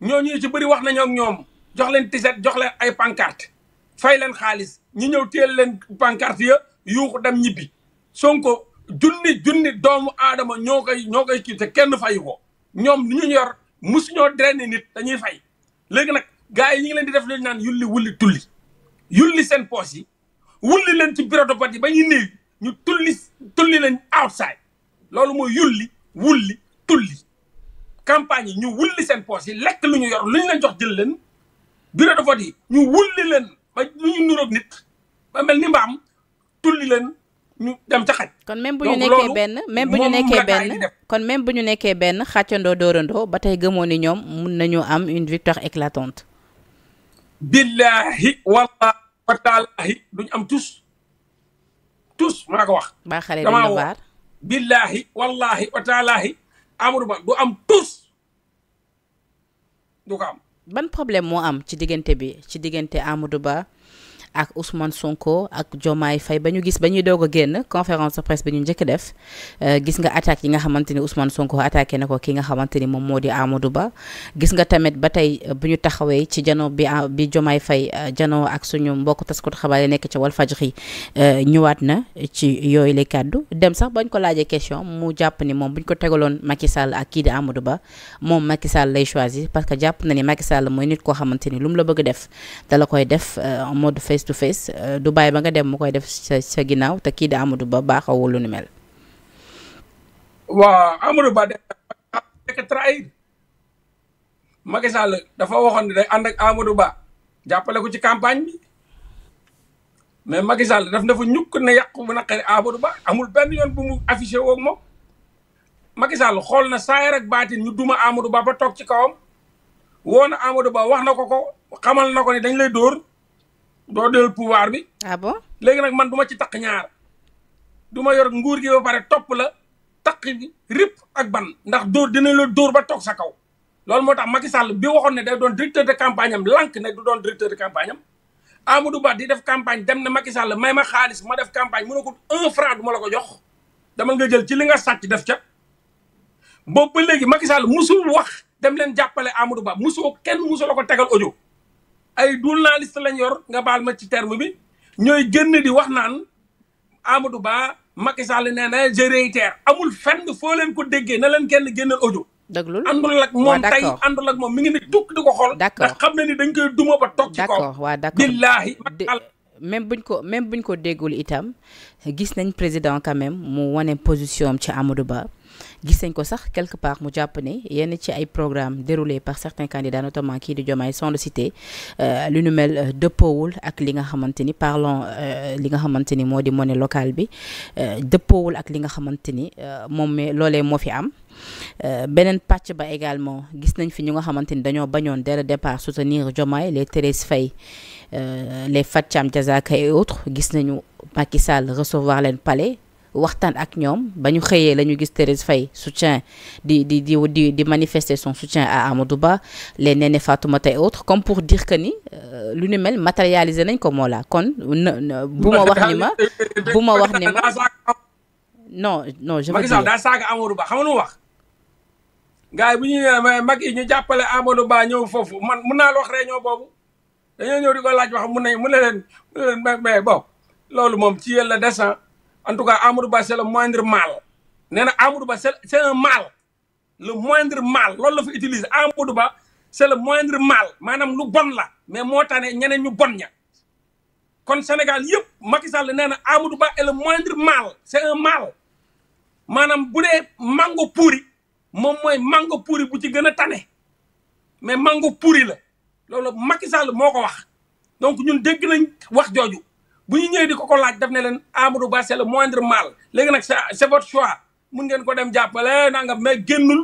ñooñu ci bëri wax nañoo ak ñoom jox leen tiset jox leen ay pancarte fay leen xaalis ñu ñëw téel leen pancarte ya yuuxu dem ñibbi Sonko junni junni doomu aadama ñoo koy ñoo koy kii te kenn fayu ko ñoom lu ñu yor musuñoo drainer nit dañuy fay léegi nag gars yi ñu ngi leen di def lu ñu naan yulli wulli tulli yulli seen poos yi wulli leen ci bureau de vote yi ba ñuy néew ñu tulli tulli leen outside loolu mooy yulli wulli tulli campagne yi ñu wulli seen poche yi lekk lu ñu yor lu ñu leen jox jël leen bureau de vote yi ñu wulli leen ba lu ñu nuroog nit ba mel ni mbaam tulli leen ñu dem ca xaj. kon même bu ñu nekkee benn même bu ñu nekkee benn kon même bu ñu nekkee benn xàccandoo dóorandoo ba tey gëmoo ni ñoom mun nañu am une victoire éclatante. billahi wallahi wa taalaahi duñ am tous tous maa ko wax. baa xale dina baar billahi wallahi wa taalaahi Amadou Ba du am tous du ko am. ban problème moo am ci diggante bi ci diggante Amadou Ba. ak Ousmane Sonko ak Diomaye fay ba ñu gis ba ñuy doog a génn conférence de presse bi ñu njëkk def euh, gis nga attaque yi nga xamante ni Ousmane Sonko attaqué na ko ki nga xamante ni moom moo di Amadou Ba gis nga tamit ba tey euh, bu ñu taxawee ci janoo bi euh, bi Diomaye fay jano ak suñu mbokk taskatu xabaar yi nekk ca Walfadjri ñëwaat na ci yooyu la kàddu dem sax bañ ko laajee question mu jàpp ni moom buñ ko tegaloon Macky Sall ak kii di Amadou Ba moom Macky lay choisir parce que jàpp na ni Macky Sall mooy nit koo xamante ni lu la bëgg def da la koy def mode face to face euh, du bàyyi ba nga dem mu koy def sa ginnaaw te kii di Amadou Ba baaxawul lu ni mel. waaw Amadou Ba dafa trahir Macky dafa waxoon ne day ànd ak Amadou Ba jàppale ko ci campagne bi mais Macky Sall na dafa ñukk na yàqu bu naqari Amadou Ba amul benn yoon bu mu affiché woog moom Macky xool na saayar ak baatin ñu duma Amadou Ba ba toog ci kawam woo na Amadou Ba wax na ko ko xamal na ko ne dañ lay dóor doo del pouvoir bi. ah bon léegi nag man duma ci takk ñaar du ma yor nguur gi ba pare topp la takk bi rip ak ban ndax door dina la dóor ba toog sa kaw. loolu moo tax Macky Sall bi waxoon ne day doon directeur de campagne am lànk ne du doon directeur de campagne am Amadou Ba di def campagne dem na Macky Sall may ma xaalis ma def campagne mu ne ko un franc du la ko jox dama nga jël ci li nga sàcc def ca. boobu ba léegi Macky Sall musul wax dem leen jàppale Amadou Ba musoo kenn musu la ko tegal audio ay journaliste lañ yor nga baal ma ci terme bi ñooy génn di wax naan Amadou Ba Macky Sall nee na je réitère amul fenn foo leen ko déggee na leen kenn génnal audio. dëgg àndul ak moom tey àndul ak moom mi ngi ne tukk di ko xool. d'accord ndax xam na ni dañ koy duma ba toog. ci kaw waaw d'accord billaahi même buñ ko même buñ ko déggul itam gis nañ président quand mu wane position am ci Amadou Ba. gis nañ ko sax quelque part mu jàpp ne yenn ci ay programme déroulé par certains candidats notamment kii di Diomaye sans le citer euh, lu nu mel euh, dëppoowul ak li nga xamante ni parlons euh, li nga xamante ni moo di monnaie locale bi dëppoowul ak li nga xamante ni moom mi loolee moo fi am beneen pàcc ba également gis nañ fi ñu nga xamante ni dañoo bañoon dès le départ soutenir Diomaye les Thérèse Faye les Fatou Thiam Diazaka et autres gis nañu Macky Sall recevoir leen palais waxtaan ak ñoom ba ñu xëyee la ñu gis Thérèse fay soutien di di di di di manifester son soutien à Amadou Ba les Néné Fatoumata et autres comme pour dire que ni euh, lu ni mel matérialiser nañ ko moo la kon bu ma wax ni ma bu ma wax ni ma non non je veux dire daa saaga Amadou Ba xam nga lu wax gars bu ñu nee mag yi ñu jàppale Amadou Ba ñëw foofu man mun naa la wax réunion boobu dañoo ñëw di ko laaj wax mun nañ mun na leen mun na leen mais bon loolu moom ci yéen en tout cas Amadou Ba c'est le moindre mal nee na Amadou Ba c'est c'est un mal le moindre mal loolu la fa utiliser Amadou Ba c'est le moindre mal maanaam lu bon la mais moo tax ne ñeneen ñu bon ña kon Sénégal yëpp Macky Sall nee na Amadou Ba est le moindre mal c'est un mal maanaam bu dee mango pourri moom mooy mango pourri bu ci gën a tane mais mango pourri la loolu Macky Sall moo ko wax donc ñun dégg nañ wax jooju bu ñu ñëwee di ko ko laaj daf ne leen Amadou Ba c'est le moindre mal léegi nag c'est votre choix mun ngeen ko dem jàppale nangam mais génnul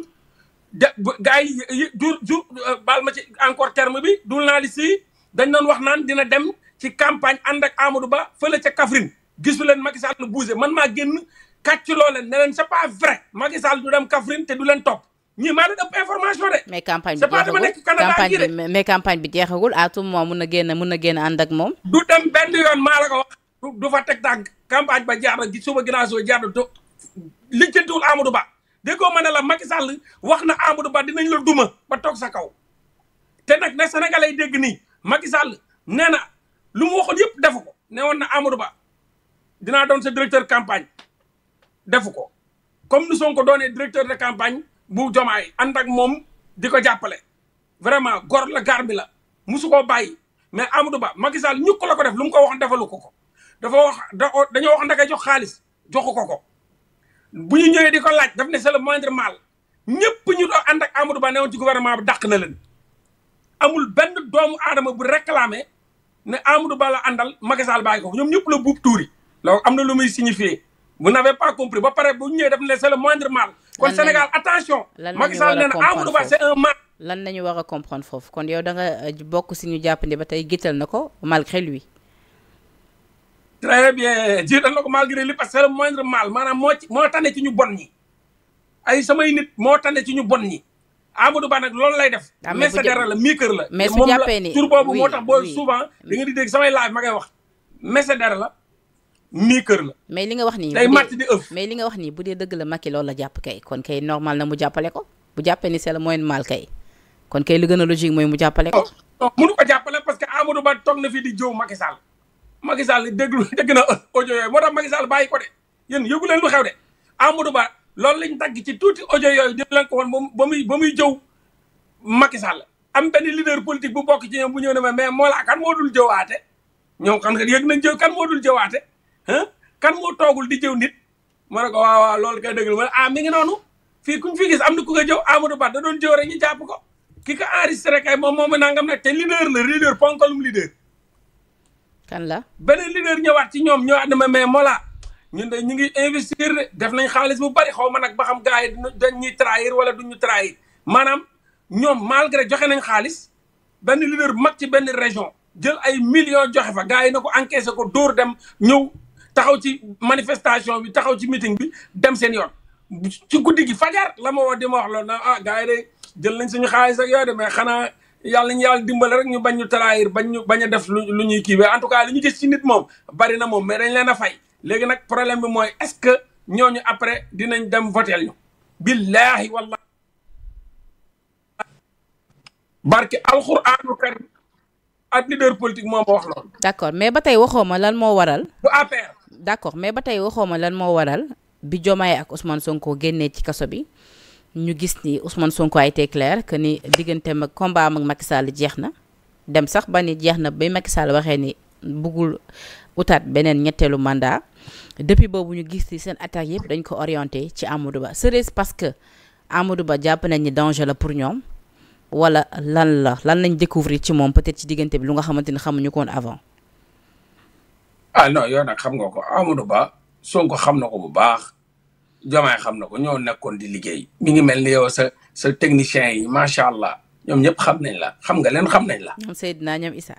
de gars yi jur jur euh, baal ma ci encore terme bi journaliste yi dañ doon wax naan dina dem ci campagne ànd ak Amadou Ba fële ca Kaffrine gisu leen Macky Sall bougé man maa génn kàcc loo leen ne leen c'est pas vrai Macky Sall du dem Kaffrine te du leen topp ñii maa leen ëpp information de. mais campagne bi jeexagul campagne bi mais bi jeexagul à tout moment mun na génn mun na génn ànd ak moom. du dem benn yoon maa la ko wax du fa teg tànk campagne ba jaar na suba ginnaaw suba jaar na do lijjantiwul Amadou Ba déggoo ma ne la Macky sàll wax na Amadou Ba dinañ la duma ba toog sa kaw. te nag ne Sénégalais yi dégg nii Macky Sall nee na lu yëpp defu ne woon na Amadou Ba dinaa doon sa directeur campagne defu ko comme ni Sonko doonee directeur de campagne. bu jomaay ànd ak moom di ko jàppale vraiment gor la gaar bi la musu koo bàyyi mais Amadou Ba Macky Sall ñu la ko def lu mu ko wax defalu ko ko dafa wax dañoo wax ndakay jox xaalis joxu ko ko bu ñu ñëwee di ko laaj daf ne c'est le moindre mal ñëpp ñu doo ànd ak Amadou Ba newoon ci gouvernement bi dàq na leen amul benn doomu aadama bu réclamé ne Amadou Ba la àndal Macky Sall bàyyi ko ñoom ñëpp la buub tuuri loolu am na lu muy bu vous n'avez pas compris ba pare bu ñu ñëwee daf ne c'est moindre mal kon Sénégal attention. lan la ñu war a comprendre Macky Sall nee lan la ñu war a comprendre foofu kon yow da nga euh, bokk si ñu jàpp jàppandi ba tey gittal na ko malgré lui. très bien jiital na ko malgré lui parce que le moindre mal maanaam moo moo tane ci ñu bon ñi ay samay nit moo tane ci ñu bon ñi. Amadou Ba nag loolu lay def. Ah, mais sa la mii kër la. mais su jàppee ni tur boobu moo tax booy souvent. da nga di dégg samay laaj ma koy wax. mais dara la. nii kër la. mais li nga wax nii day màcc mais li nga wax nii bu dee dëgg la Macky loolu la jàpp kay kon kay normal na mu jàppale ko bu jàppee ni c'est le moyen mal kay kon kay li gën a logique mooy mu jàppale ko. Oh, mënu ko jàppale parce que Amadou Ba toog na fi di jëw Macky Sall Macky Sall déglu dégg na audio yooyu moo tax Macky bàyyi ko de yéen yëgu leen lu xew de Amadou Ba loolu lañ dagg ci tuuti audio yooyu di leen ko woon ba muy ba muy jëw Macky Sall am benn leader politique bu bokk ci ñoom bu ñëw ne ma mais moo la kan moo dul jëwaate ñoom xam nga yëg nañ jëw kan moo dul jëwaate kan moo toogul di jëw nit ma ne ko waaw loolu kay dëgg la ma ah mi ngi noonu fii kuñ fi gis am na ku ko jëw Amadou Ba da doon jëw rek ñu jàpp ko ki ko enregistré kay moom moomu nangam nag te leader la leader ponkalum leader. kan la beneen leader ñëwaat ci ñoom ñëwaat na ma mais Mollah ñun de ñu ngi investir def nañ xaalis bu bari xaw ma nag ba xam gars yi dañ ñuy trahir wala du ñu trahir maanaam ñoom malgré joxe nañ xaalis benn leader bu mag ci benn région jël ay millions joxe fa gars yi na ko encaissé ko dóor dem ñëw. taxaw ci manifestation bi taxaw ci meeting bi dem seen yoon ci guddi gi fajar la ma woo di ma wax loolu na ah gars yi de jël nañ suñu xaalis ak yooyu de mais xanaa yàlla ñu yàlla dimbale rek ñu bañ ñu trahir bañ ñu bañ a def lu ñuy kii en tout cas li ñu gis ci nit moom bari na moom mais dañ leen a fay léegi nag problème bi mooy est-ce que ñooñu après dinañ dem votel ñu billahi wallahi barke alxuraanu karim ak leader politique moom wax loolu d'accord mais ba tey waxoo ma lan moo d'accord mais ba tey waxoo ma lan moo waral bi Diomaye ak Ousmane Sonko génnee ci kaso bi ñu gis ni Ousmane Sonko a été que ni diggante ak combat am ak Macky jeex na dem sax ba ni jeex na ba Macky Sall waxee ni buggul utaat beneen ñetteelu mandat depuis boobu ñu gis ni seen attaque yëpp dañ ko orienté ci Amadou Ba serait-ce parce que Amadou Ba jàpp nañ ni danger la pour ñoom wala lan la lan lañ découvrir ci moom peut-être ci diggante bi lu nga xamante ni xamuñu ko woon ah non yow nag xam nga ko Amadou Ba Sonko xam na ko bu baax Diomaye xam na ko ñoo nekkoon di liggéey mi ngi mel ni yow sa sa technicien yi macha allah ñoom ñëpp xam nañ la xam nga leen xam nañ la. ñoom Seydina ñoom Issa.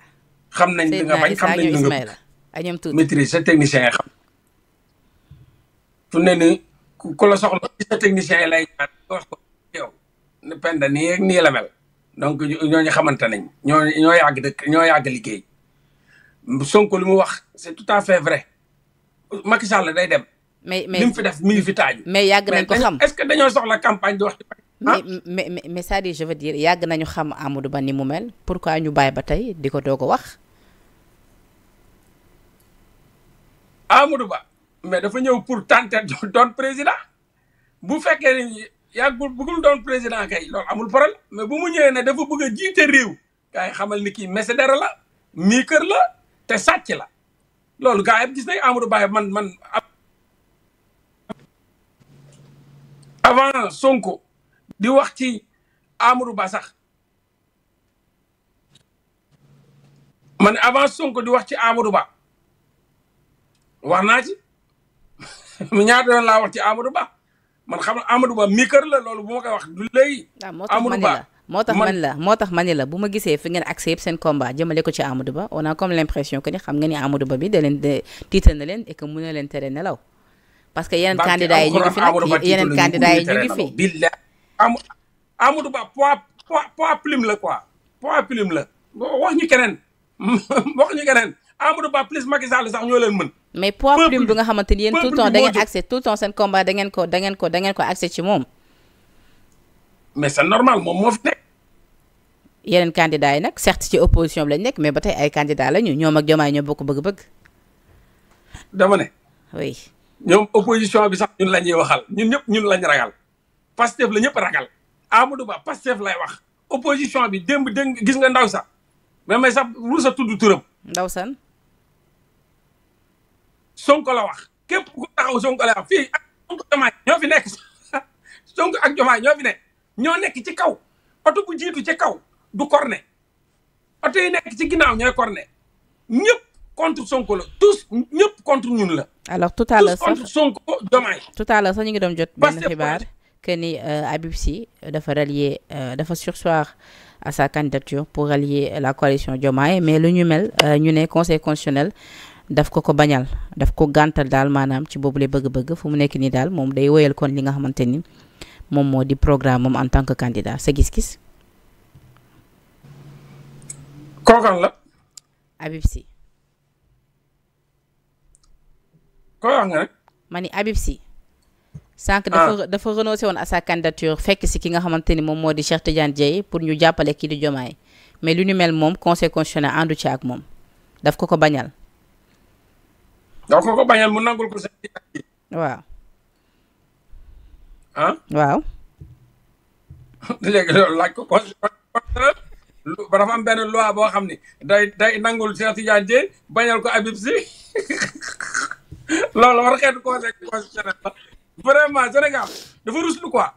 xam nañ li nga bañ xam nañ li nga maîtrise sa technicien yi xam. fu ne ni ku la soxla sa technicien yi lay ñaan wax ko yow ne penda nii nii la mel donc ñooñu xamante nañ ñoo ñoo yàgg dëkk ñoo yàgg liggéey. Sonko li mu wax c'est tout à fait vrai Macky Sall day dem. mais mais li mu fi def mi fi taaju. mais yàgg nañ ko xam est que dañoo soxla campagne di wax. mais mais mais c'est-à-dire yàgg nañu xam Amadou Ba ni mu mel pourquoi ñu bàyyi ba tey di ko doog a wax. Amadou Ba mais dafa ñëw pour tenter doon président bu fekkee ni yàggul bëggul doon président kay loolu amul problème mais bu mu ñëwee ne dafa bëgg a jiite réew. kaay xamal ni kii mesdere la mii kër la. te sàcc la loolu gaa yi gis nañ Amadou Ba man man avant Sonko di wax ci Amadou Ba sax man avant Sonko di wax ci Amadou Ba wax naa ci ñaata yoon laa wax ci Amadou Ba man xam na Amadou Ba mi kër la loolu bu ma koy wax du léegi Amadou Ba moo tax man la moo tax ma la bu ma gisee fi ngeen accès yëpp seen combat jëmale ko ci Amadou Ba on a comme l'impression que ni xam nga ni Amadou Ba leen de tiital na leen et que que yeneen candidat yi ñu ngi fi nag yeneen Ba poids poids la quoi poids plume la wax ñu keneen wax ñu keneen Amadou Ba plus Macky Sall sax ñoo leen mën mais poids plume bi nga xamante ni tout temps seen combat da ko da ko accès ci moom mais c'est normal moom moo fi nekk. yeneen candidats yi nag certes ci opposition bi lañ nekk mais ba tey ay candidats la ñu ñoom ak Diomaye ñoo bokk bëgg-bëgg. dama ne. oui ñoom bi sax ñun la ñuy waxal ñun ñëpp ñun lañ ragal Pastef la ñëpp ragal Amadou Ba Pastef lay wax opposition bi démb déng gis nga ndaw sax mais may sax wul sa tudd turam. ndaw san Sonko wax képp ku taxaw Sonko la wax ak Sonko Diomaye ñoo fi nekk Sonko ak Diomaye ñoo fi nekk. ñoo nekk ci kaw oto bu jiitu ci kaw du corné oto yi nekk ci ginnaaw ñooy corné ñëpp contre Sonko la tous ñëpp contre ñun la. alors tout sax ñu ngi doon jot. benn xibaar que ni euh, Habib Sy dafa rallier euh, dafa sursoir à sa candidature pour rallier la coalition Diomaye mais lu ñu mel euh, ñu ne conseil constitutionnel. daf ko ko bañal daf ko gàntal daal maanaam ci boobu lay bëgg-bëgg fu mu nekk nii daal moom day woyal kon li nga xamante ni moom moo di programme moom en tant que candidat sa gis-gis. kookan la. Habib Sy. koo wax nga rek. ma ni Habib Sy. sànq dafa ah. dafa renoncé woon à sa candidature fekk si ki nga xamante ni moom moo di Cheikh Tidiane Dieye pour ñu jàppale kii di Diomaye mais lu ñu mel moom conseil constitutionnel àndu ci ak moom daf ko ko bañal. daf ko ko bañal mu nangul ko Cheikh waaw. ah waaw léegi laaj ko ba dafa am benn loi boo xam ne day day nangul Cheikh Tidiane Dièye bañal ko Habib Sy loolu war xeetu conseil constitutionnel la vraiment Sénégal dafa ruslu quoi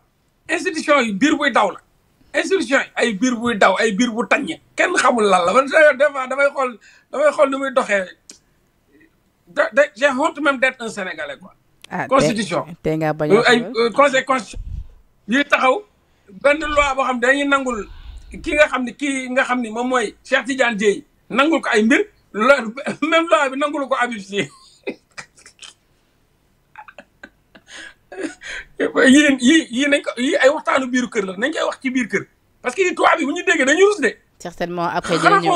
institution yi biir buy daw na institution yi ay biir buy daw ay biir bu tàññe kenn xamul lan la man des fois damay xool damay xool ni muy doxee de j'ai honte même d'être un Sénégalais quoi Ah, constitution tey ngaa bañ euh, ay euh, conseil constitution ñuy taxaw benn loi boo xam dañuy nangul ki nga xam ne kii nga xam ni moom mooy Cheikh di Dieye nangul ko ay mbir loolu même loi bi nangul ko Habib Sy yii yii nañ ko yii ay waxtaanu biiru kër la nañ koy wax ci biir kër parce que tubaab bi bu ñu déggee dañu rus de certainement après dinañu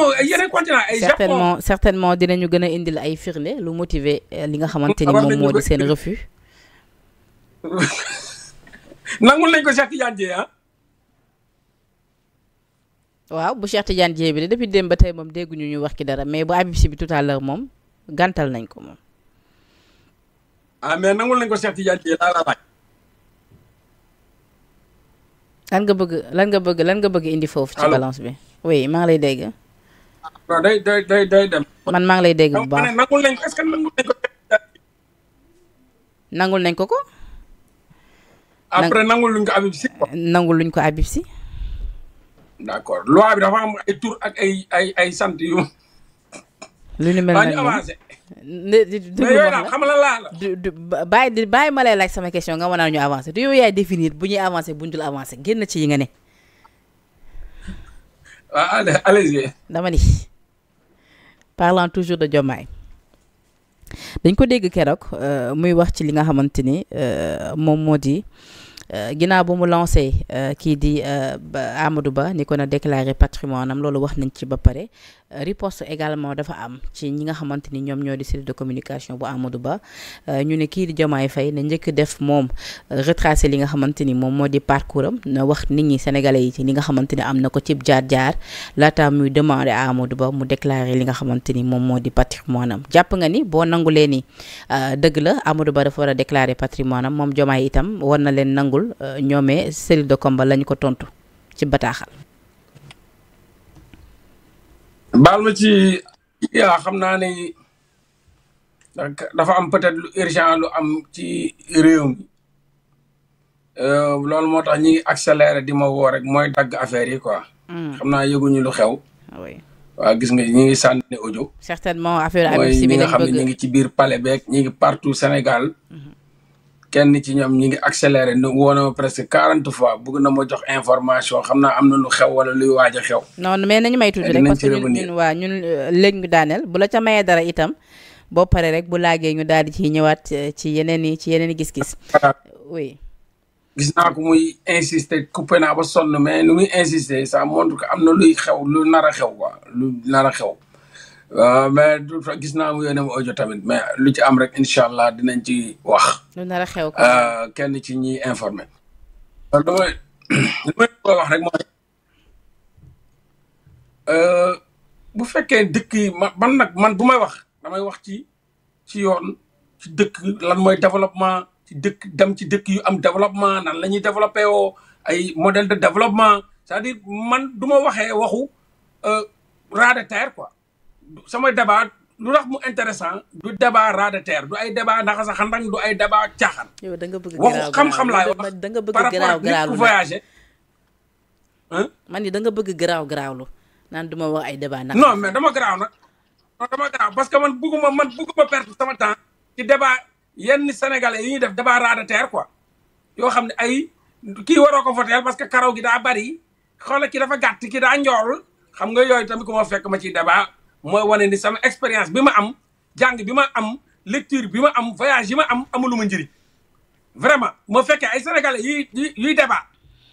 certainement certainement dinañu gën a indil ay firnde lu motiver euh, li nga xamante ni moom moo di seen refus. nangul nañ ko Cheikh Tidiane Dièye ah. waaw bu Cheikh Tidiane bi de depuis démb ba tey moom dégguñu ñu wax ci dara mais bu Habib Sy bi tout à l'heure moom gàntal nañ ko moom. ah mais nangul nañ ko Cheikh Tidiane Dièye laa laaj. lan nga bëgg lan nga bëgg lan nga bëgg indi foofu. ci balance bi. oui maa lay dégg. non dem. man maa ngi lay dégg bu baax nangul nañ ko que nangul nañ ko. ko ko. après nangul luñ ko Habib Sy. nangul luñ ko Habib Sy. d'accord loi bi dafa am ay tur ak ay ay ay sant yu. lu ni mel ne avancé. bàyyi bàyyi ma lay laaj sama question a ñu avancé te yow yaay définir bu ñuy avancé bu ñu dul avancé génn ci yi nga ne. waaw ah, allez dama ni parlant toujours de Diomaye dañ ko dégg keroog euh, muy wax ci li nga xamante ni euh, moom moo di euh, ginnaaw bu mu lancé kii di Amadou Ba ni ko na déclaré patrimoine am loolu wax nañ ci ba pare riposte également dafa am ci ñi nga xamante ni ñoom ñoo di cellule de communication bu Amadou Ba euh, ñu ne kii di Diomaye Faye na njëkk def moom euh, retracé li nga xamante ni moom moo di parcours am na wax nit ñi sénégalais yi ci li nga xamante ni am na ko cib jaar-jaar laata muy demandé à Ba mu déclaré li nga xamante ni moom moo di patrimoine am jàpp nga ni boo nangulee ni euh, dëgg la Amadou Ba dafa war a déclaré patrimoine am moom Diomaye itam war na leen nangul ñoomee cellule de combat lañ ko tontu ci bataaxal baal ci yaa xam naa ne dafa am peut-être lu urgent lu am ci réew mi euh, loolu moo tax ñi accéléré di ma woo rek mooy dagg affaire yi quoi. Hmm. xam naa yëguñu lu xew. Ah waaw gis nga ñi ngi ne ojo certainement affaire Habib bi nga xam ne ñi ngi ci biir pale beek ñi ngi partout Sénégal. Hmm. kenn ci ñoom ñi ngi accéléré nu woon presque quarante fois bëgg na ma jox information xam naa am na lu xew wala luy waaj a xew. non mais nañu may tuuti rek parce que ñun waa ñun euh, léegi ñu daaneel bu la ca mayee dara itam boo paree rek bu laagee ñu daal di ciy ñëwaat euh, ci yeneen i ci yeneen i gis-gis. oui. gis naa ko muy insister coupé naa ba sonn mais lu muy insister ça montre am na luy xew lu nar a xew ko lu nar a xew. waaw ah, mais du gis naa mu yónnee mu audio tamit mais lu ci am rek incha allah dinañ ci wax. lu nar a xew ah, kenn ci ñi informé. lu wax rek mooy euh, bu fekkee dëkk yi man nag man bu may wax damay wax ci ci yoon ci dëkk lan mooy développement ci dëkk dem ci dëkk yu am développement nan la ñuy développé woo ay modèle de développement cest dire man du ma waxee waxu euh, ras terre quoi. sama débat lu tax mu intéressant du débat ras de terre du ay débat ndax sa xandang du ay débat caaxaan. yow da nga bëgg xam-xam laay wax da nga bëgg garaaw garaaw man ni da bëgg garaaw garaawlu naan du ma wax ay débat ndax. mais dama garaaw nag non dama parce que man bëgguma man bëgguma perte sama temps ci débat yenn sénégalais yi ñuy def débat ras de terre quoi yoo xam ne ay kii waroo ko voteel parce que karaw gi daa bari xoola ki dafa gàtt ki daa njool xam nga yooyu tamit ku fekk ma ciy débat. mooy wane ni sama expérience bi ma am jàng bi ma am lecture bi ma am voyage yi ma am ma njëriñ vraiment ma fekkee ay sénégalais yi yuy yuy débat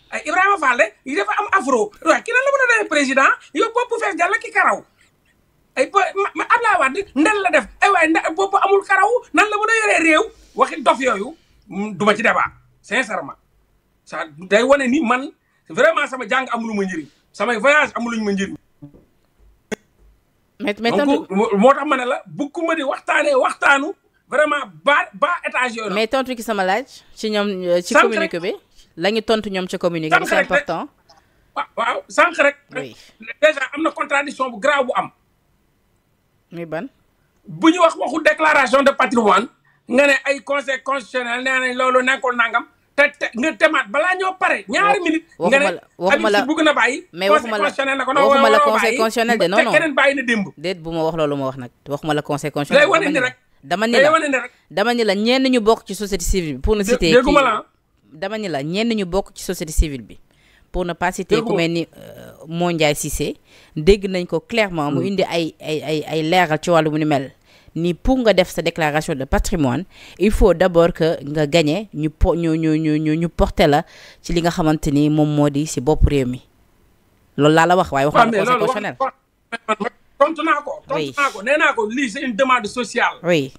ay Ibrahima Fall yi dafa am afro waaye ki nan la mën a président yow bopp fees jàll ki karaw ay po ma Abdoulaye Wade ndel la def ay waaye ndel bopp amul karaw nan la mën a yoree réew waxi dof yooyu mm, duma ci débat sincèrement ça day wane ni man vraiment sama jàng amuluma njëriñ samay voyage amuluñ ma njëriñ. mais mais tontu moo tax ma ne la bu bugguma di waxtaanee waxtaanu vraiment ba ba étage yooyu. mais tontu ki sama laaj. ci ñoom euh, ci communiqué bi. la ñu tontu ñoom ci communiqué bi c'est important. waaw waaw sànq rek. oui déjà am na contradiction bu grave bu am. muy ban. bu ñu wax waxu déclaration de patrimoine nga ne ay conseil constitutionnel nee nañ loolu nekkul nangam te te nga demaat balaa ñoo pare. ñaari minutes nga waxuma la bëgg na bàyyi. mais waxuma la waxuma la conseil constitutionnel de non non keneen bàyyi na démb. déet bu ma wax ma wax nag waxuma la conseil constitutionnel. day wane ni rek dama ni la dama la ñenn ñu bokk ci société civile bi. pour na citer kii dama ni la ñenn ñu bokk ci société civile bi. pour ne pas citer ku mel ni euh, Moundiaye Cissé dégg nañ ko clairement mu mm. indi ay ay ay leeral ci wàllu mu ni mel. ni pour nga def sa déclaration de patrimoine il faut d'abord que nga gagné ñu po ñu ñu ñu ñu ñu porté la ci li nga xamante ni moom moo di si boppu réew mi loolu laa la wax waaye waxoon na ah, conseil constitutionnel tontu ko tontu naa ko nee ko lii c'est une demande sociale oui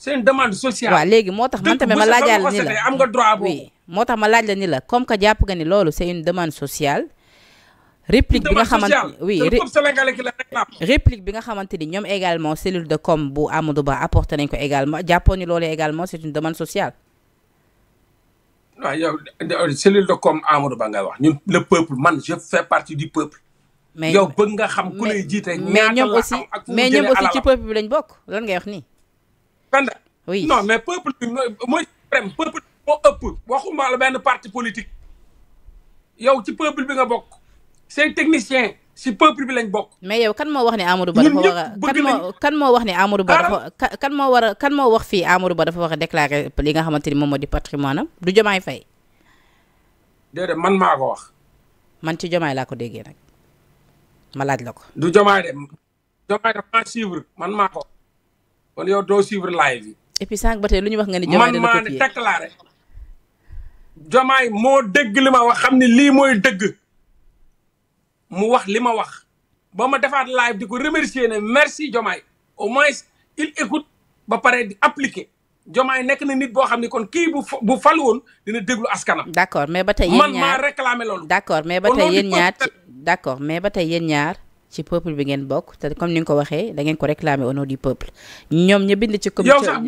c'est une demande sociale waaw léegi moo tax man tamit ma laajaal ni la am nga droit boobu moo tax ma laaj la ni la comme que jàpp nga ni loolu c'est une demande sociale réplique bi nga xamante oui réplique bi nga xamante ni ñoom également cellule de com bu Amadou Ba apporté nañ ko également jàppoon ni loolu également c'est une demande sociale waaw yow cellule de com Amadou Ba ngay wax ñun le peuple man je fais partie du peuple mais yow bëgg nga xam ku lay jiite mais ñoom aussi mais ñoom aussi ci peuple bi lañ bokk lan ngay wax nii Penda oui non mais peuple bi mooy suprême benn parti politique yow ci peuple bi nga bokk say technicien si peuple bi bokk. mais yow kan moo wax ne Amadou Ba dafa a kan moo wax ne Amadou Ba dafa kan war kan moo wax fii Amadou dafa war a déclarer li nga xamante ni moom moo di patrimoine am du Jomaay Faye. déedéet man maa ko wax. man ci Jomaay laa ko déggee nag ma laaj la ko. du Jomaay de man maa ko kon yow doo suivre live yi. et puis ba tey lu ñu wax nga ni. Jomaay dana ko man maa ne déclaré. Jomaay moo dégg li ma wax xam ne lii mooy dëgg. mu wax li ma wax ba ma defaat live di ko remercier ne merci Diomaye au moins il écoute ba pare di appliquer Diomaye nekk na nit boo xam ne kon kii bu bu fal woon dina déglu askanam. d'accord mais ba tey yéen ñaar man maa réclamé loolu. mais ba tey yéen ñaar d'accord mais ba tey yéen ñaar. ci peuple bi ngeen bokk te comme ni nga ko waxee dangeen ngeen ko réclamer au nom du peuple ñoom ña bind ci. comité yow sax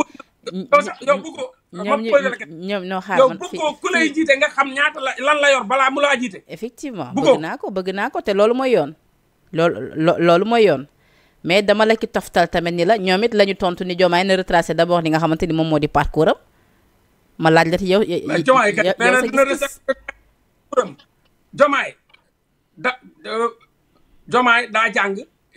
yow bëgg ñoom ñoom ñoo xaar man fi yow ku lay jiite nga xam ñaata la lan la yor balaa mu laa jiite. effectivement bëgg naa ko bëgg naa ko te loolu mooy yoon. loolu loolu mooy yoon mais dama la ki toftal tamit ni la ñoom it la ñu tontu ni Diomaye na retracé d' abord li nga xamante ni moom moo di parcours am ma laaj la ci yow. Diomaye kat Diomaye da euh, daa jàng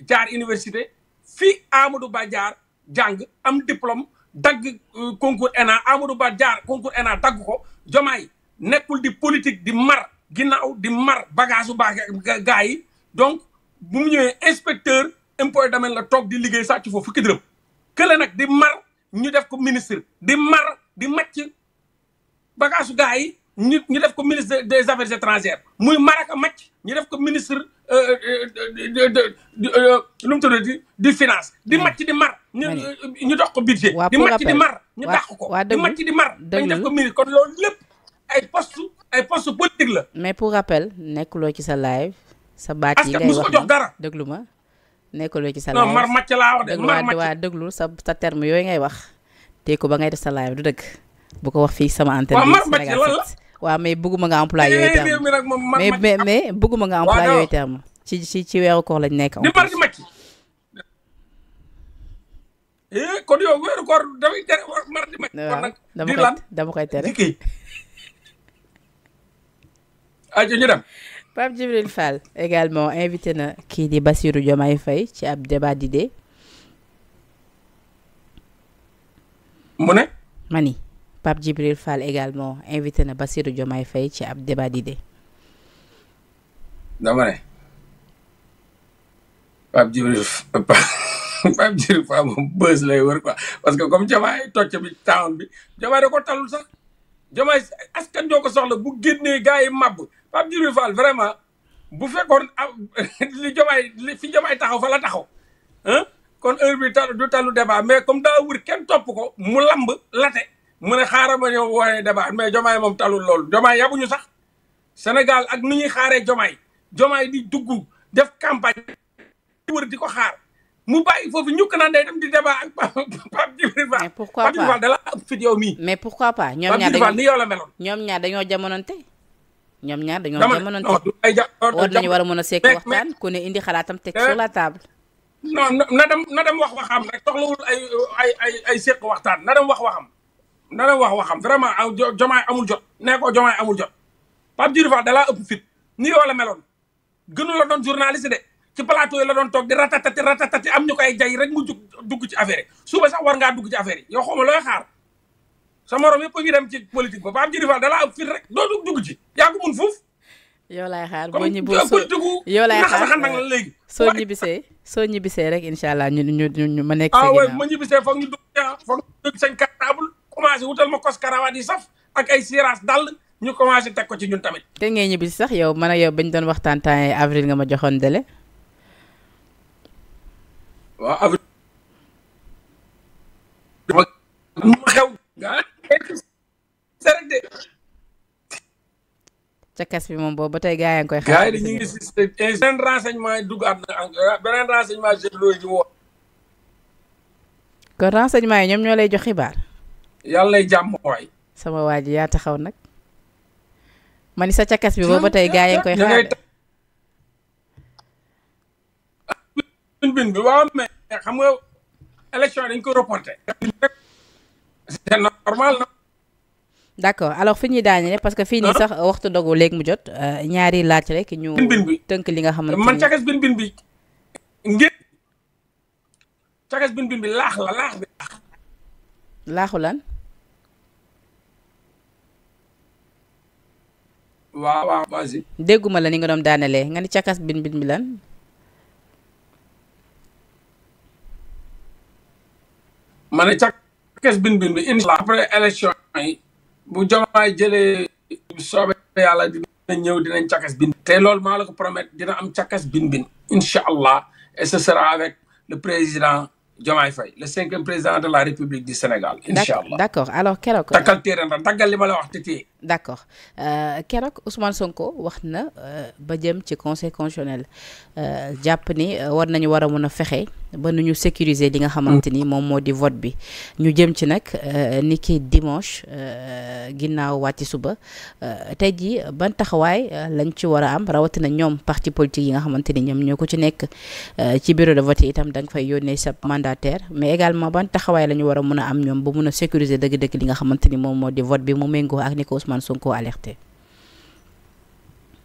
jaar université fii Amadou Ba jaar jàng am diplôme. dagg euh, concours ENA Amadou Ba jaar concours ENA dagg ko jomaay nekkul di politique di mar ginnaaw di mar bagage su baax gaa yi donc bu mu ñëwee inspecteur impôt domaine la toog di liggéey sàcc foofu fukki dërëm kële nag di mar ñu def ko ministre di mar di màcc bagage su yi nit ñu def ko ministre des affaires étrangères muy Maraka Mac ñu def ko ministre lu euh, euh, euh, mu tudd di di finance di macc di mar ñu ñu dox ko budget di macc di mar ñu dàq ko di macc di mar dañu def ko ministre kon loolu lépp ay poste ay poste politique la mais pour rappel nekkuloo ci sa live sa baat yi ngay wax dara déglu ma nekkuloo ci sa live mar macc laa wax de mar macc waa déglu sa sa terme yooyu ngay wax te ko ba ngay def sa live du dëgg bu ko wax fii sama antenne bi Sénégal waa mais bëgguma nga employé yooyu terme mais mais bëgguma nga employé yooyu terme ci ci ci weeru koor lañ nekk. di barki eh, màcc. dama koy tere di kii. ajo dem. Pape Djibril Fall également invité na kii di Bassirou Diomaye Faye ci ab débat d'idées. mu ne. ma ni. Pape Djibril Fall également invité na Bassirou Diomaye Faye ci ab débat d'idées dama ne Pape Djibril Pape bës lay wër quoi parce que comme Diomaye tocc bi town bi Diomaye da ko talul sax Diomaye askan ñoo ko soxla bu génnee gars yi màbb Pape Djibril vraiment bu fekkoon li Diomaye fi Diomaye taxaw fa la taxaw kon heure bi tal du talu débat mais comme daa wër kenn topp ko mu lamb late mu ne xaaral ma ñëw wooyee débat mais jomaay moom talul loolu jomaay yabuñu sax Sénégal ak ni ñuy xaaree jomaay jomaay di duggu def campagne di wër di ko xaar mu bàyyi foofu ñukk naan day dem di débat ak Pape Djibril Fall. mais pourquoi pas Pape Djibril Fall da la am fit yow mii. mais pourquoi pas ñoom ñaar dañoo ni yow la meloon. ñoom ñaar dañoo jamonante. ñoom ñaar dañoo jamonante war nañu war a mën a sekk waxtaan ku ne indi xalaatam teg sur la table. na dem na dem wax waxam rek soxlawul ay ay ay ay sekk waxtaan na dem wax waxam. dana wax xam vraiment aw jomaay amul jot nee ko jomaay amul jot Pape Djibril Fall dalaa ëpp fit nii yoo la meloon gënu la doon journaliste de ci plateau yi la doon toog di ratatati ratatati am ñu koy jay rek mu jug dugg ci affaire yi suba sax war ngaa dugg ci affaire yi yow xawma looy xaar sa morom yëpp ngi dem ci politique ba Pape Djibril Fall dalaa ëpp fit rek doo dugg dugg ci yaa ko mun foofu yow laay xaar boo ñibboo yow laay ñibbisee soo ñibbisee rek incha allah ñu ñu ñu ma nekk. ah oui ma ñibbisee foog ñu dugg ah, foog ñu dugg seen cartable commencé wutal ma kos karawaat yi saf ak ay siiraas dàll ñu commencé teg ko ci ñun tamit. te ngay ñibbi sax yow man a yow bañ doon waxtaan temps avril nga ma joxoon délai. xew. ca kas bi moom boobu ba tey gaa yaa ngi koy. xaar gars yi ñu ngi si beneen renseignement yi duggaat na beneen renseignement yi. kon renseignement yi ñoom ñoo lay jox xibaar. yàlla lay jàmm waay. sama waa ji yaa taxaw nag. ma ni sa càkkas bi booba tey gaa yi koy xaar. bin bi waaw xam nga élection dañ ko reporté. c'est normal fi ñuy daanele parce que fii nii sax waxtu dogu léegi mu jot euh, ñaari laaj rek ñu. tënk li nga xamante ne man càkkas bin bin bi. ngeen càkkas bin bin bi laax la laax bi laaxu lan. waaw waaw vas dégguma la ni nga doon daanelee nga ni cakas bin bin bi lan. ma ne cakas bin bin bi incha allah après élection yi bu jomaay jëlee soobee yàlla dina ñëw dinañ cakas bin. te loolu maa la ko promettre dina am cakas bin bin incha allah et ce sera avec le président. Diomaye Faye le cinquième président de la République du Sénégal. incha allah d' accord alors keroog. takkal téere ndax daggal li ma la wax te d'accord euh, keroog Ousmane Sonko wax na euh, ba jëm ci conseil constitutionnel euh, jàpp ni war nañu war a mun a fexe ba nu ñu sécuriser li nga xamante ni moom moo di vote bi ñu jëm ci nag ni ki dimanche ginnaaw wàcci suba tey ji ban taxawaay lañ ci war a am rawatina ñoom parti politique yi nga xamante ni ñoom ñoo ko nekk ci bureau de vote yi itam da nga fay yónnee sa la ñu war am ñoom a sécuriser dëgg li nga xamante ni moom moo di vote bi mu méngoo ak ni ko Ousmane Ousmane Sonko alerté.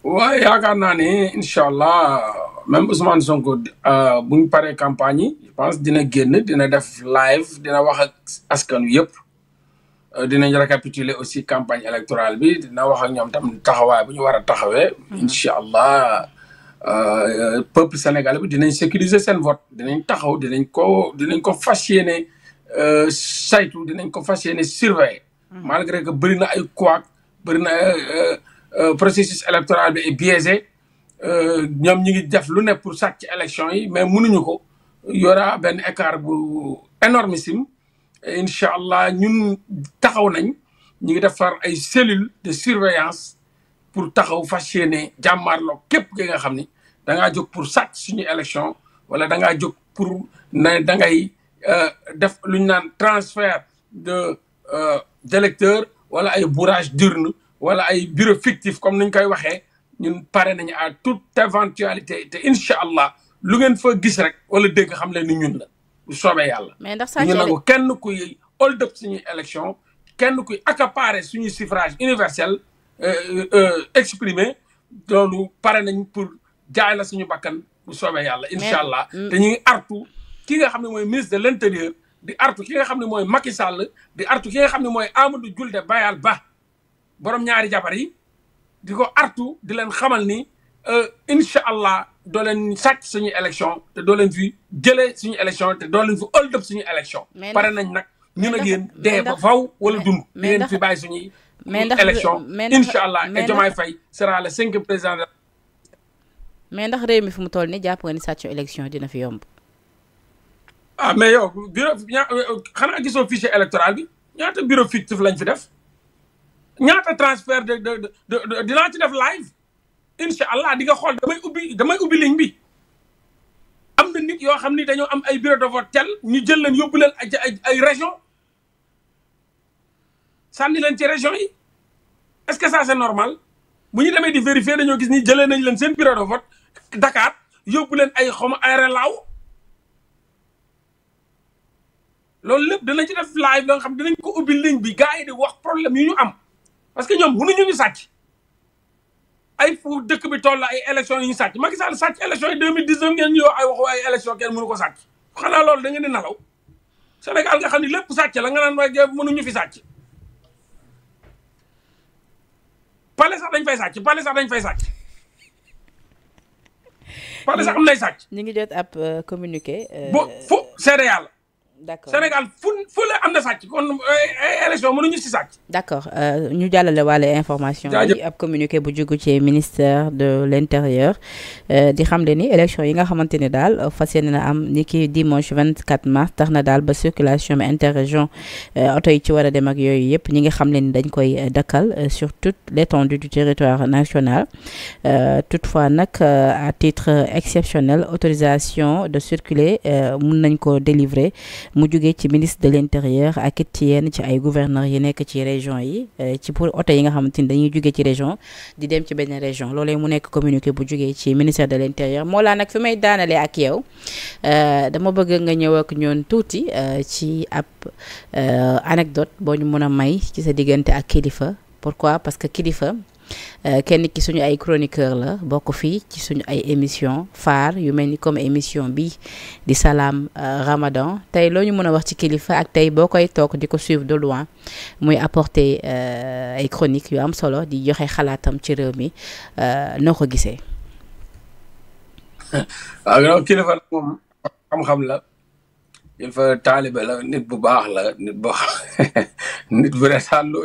waaye yaakaar naa ni incha allah même Ousmane Sonko euh, bu ñu paree campagne yi dina génn dina def live dina wax ak askan wi yëpp. Euh, dinañ récapituler aussi campagne électorale bi dina wax ak ñoom tam taxawaay bu ñu war a taxawee. Mhm. incha allah euh, peuple sénégalais bi dinañ sécuriser seen vote dinañ taxaw dinañ ko dinañ ko fas yéene saytu dinañ ko fas yéene mhm. malgré que bëri ay couac bëri na euh, euh, euh, processus électoral bi est biaisé ñoom ñu ngi def lu ne pour sàcc élection yi mais mënuñu ko yora benn écart bu énormissime incha allah ñun taxaw nañ ñu ngi def defar ay cellules de surveillance pour taxaw fas yéene jàmmaarloo képp ki nga xam ni da ngaa jóg pour sàcc suñu élection wala da ngaa jóg pour na da ngay def lu ñu naan transfert de d'électeurs wala ay bourrage d'urne wala ay bureau fictif comme ni ñu koy waxee ñun pare nañu à toute éventualité te incha allah lu ngeen fa gis rek wala dégg xam leen ni ñun la bu soobee yàlla. ñu nangu kenn kuy hold up suñuy élection kenn kuy accaparer suñu suffrage universel euh, euh, exprimé loolu pare nañ pour jaay la suñu bakkan bu soobee yàlla. incha allah te ñu ngi artu ki nga xam ne mooy ministre de l' di artu ki nga xam ne mooy Macky Sall di artu ki nga xam ne mooy Amadou Julde Bayal Ba borom ñaari jabar yi di ko artu di leen xamal ni euh, incha allah doo leen sàcc suñu élection te doo leen fi jëlee suñu élection te doo leen fi hold suñu élection. pare nañ nag ñu ne ngeen dee ba faw wala dund. di ngeen fi bàyyi suñuy. mais ndax élection incha allah et Diomaye Faye sera le cinquième président de mais ndax réew mi fu mu toll nii jàpp nga ni sàccu élection dina fi yomb. ah mais yow bureau xanaa gisoo fichier électoral bi ñaata bureau fictif lañ fi def ñaata transfert de de de dinaa ci def live incha allah di nga xool damay ubbi damay ubbi ligne bi. am na nit yoo xam ni dañoo am ay bureau de vote tel ñu jël leen yóbbu leen ay ay région sànni leen ci région yi est-ce que ça c'est normal bu ñu demee di vérifier dañoo gis ni jëlee nañ leen seen bureau de vote Dakar yóbbu leen ay xom ay relaaw loolu lépp dana ci def live la nga xam dinañ ko ubbi ligne bi gars yi di wax problème yu ñu am parce que ñoom mënuñu ñu sàcc ay fu dëkk bi toll ay élection yu ñu sàcc Macky Sall sàcc élection yi deux mille dix neuf ngeen ñu ay waxu ay élection kenn mënu ko sàcc xanaa loolu da ngeen di nalaw Sénégal nga xam ne lépp sàcc la nga naan waaye mënuñu fi sàcc pale sax dañ fay sàcc pale sax dañ fay sàcc pale sax am nay sàcc ñu ngi jot ab euh, communiqué euh, bo fu seede yàlla d'accord Sénégal fu fu la am na sàcc kon eh, eh, élection mënuñu si sàcc. d'accord euh, ñu jàllale waale information. yi ab communiqué bu jugu ci ministère de l'intérieur. Euh, di xam le ni élection yi nga xamante ni daal fas yéene na am ni ki dimanche 24 mars tax na daal ba circulation bi interrégion euh, oto yi ci war a dem yooyu yëpp ñi ngi xam le ni dañ koy dakkal sur toute l'étendue du territoire national. toutefois nag à titre exceptionnel autorisation de circuler mun nañ ko délivrer. mu jugee ci ministre de l' intérieur ak it ci yenn ci ay gouverneurs yi nekk ci région yi euh, ci pour oto yi nga xamante ni dañuy jugee ci région di dem ci benn région loolee mu nekk communiqué bu jugee ci ministère de l' intérieur moo laa nag fi may daanalee ak yow euh, dama bëgg nga ñëw ak ñoon tuuti euh, ci ab anecdote boo ñu mën a may ci sa diggante ak kilifa pourquoi parce que kilifa Euh, kenn ki suñu ay chroniqueur la bokk fii ci suñu ay émission phare yu mel ni comme émission bi di salaam euh, ramadan tey loo ñu mën a wax ci kilifa ak tey boo koy took di ko suivre de loin muy apporter euh, ay chroniques yu am solo di joxe xalaatam ci réew mi noo ko gisee. waaw ah, kilifa moom xam-xam la. il faut la nit bu baax la nit bu retaan la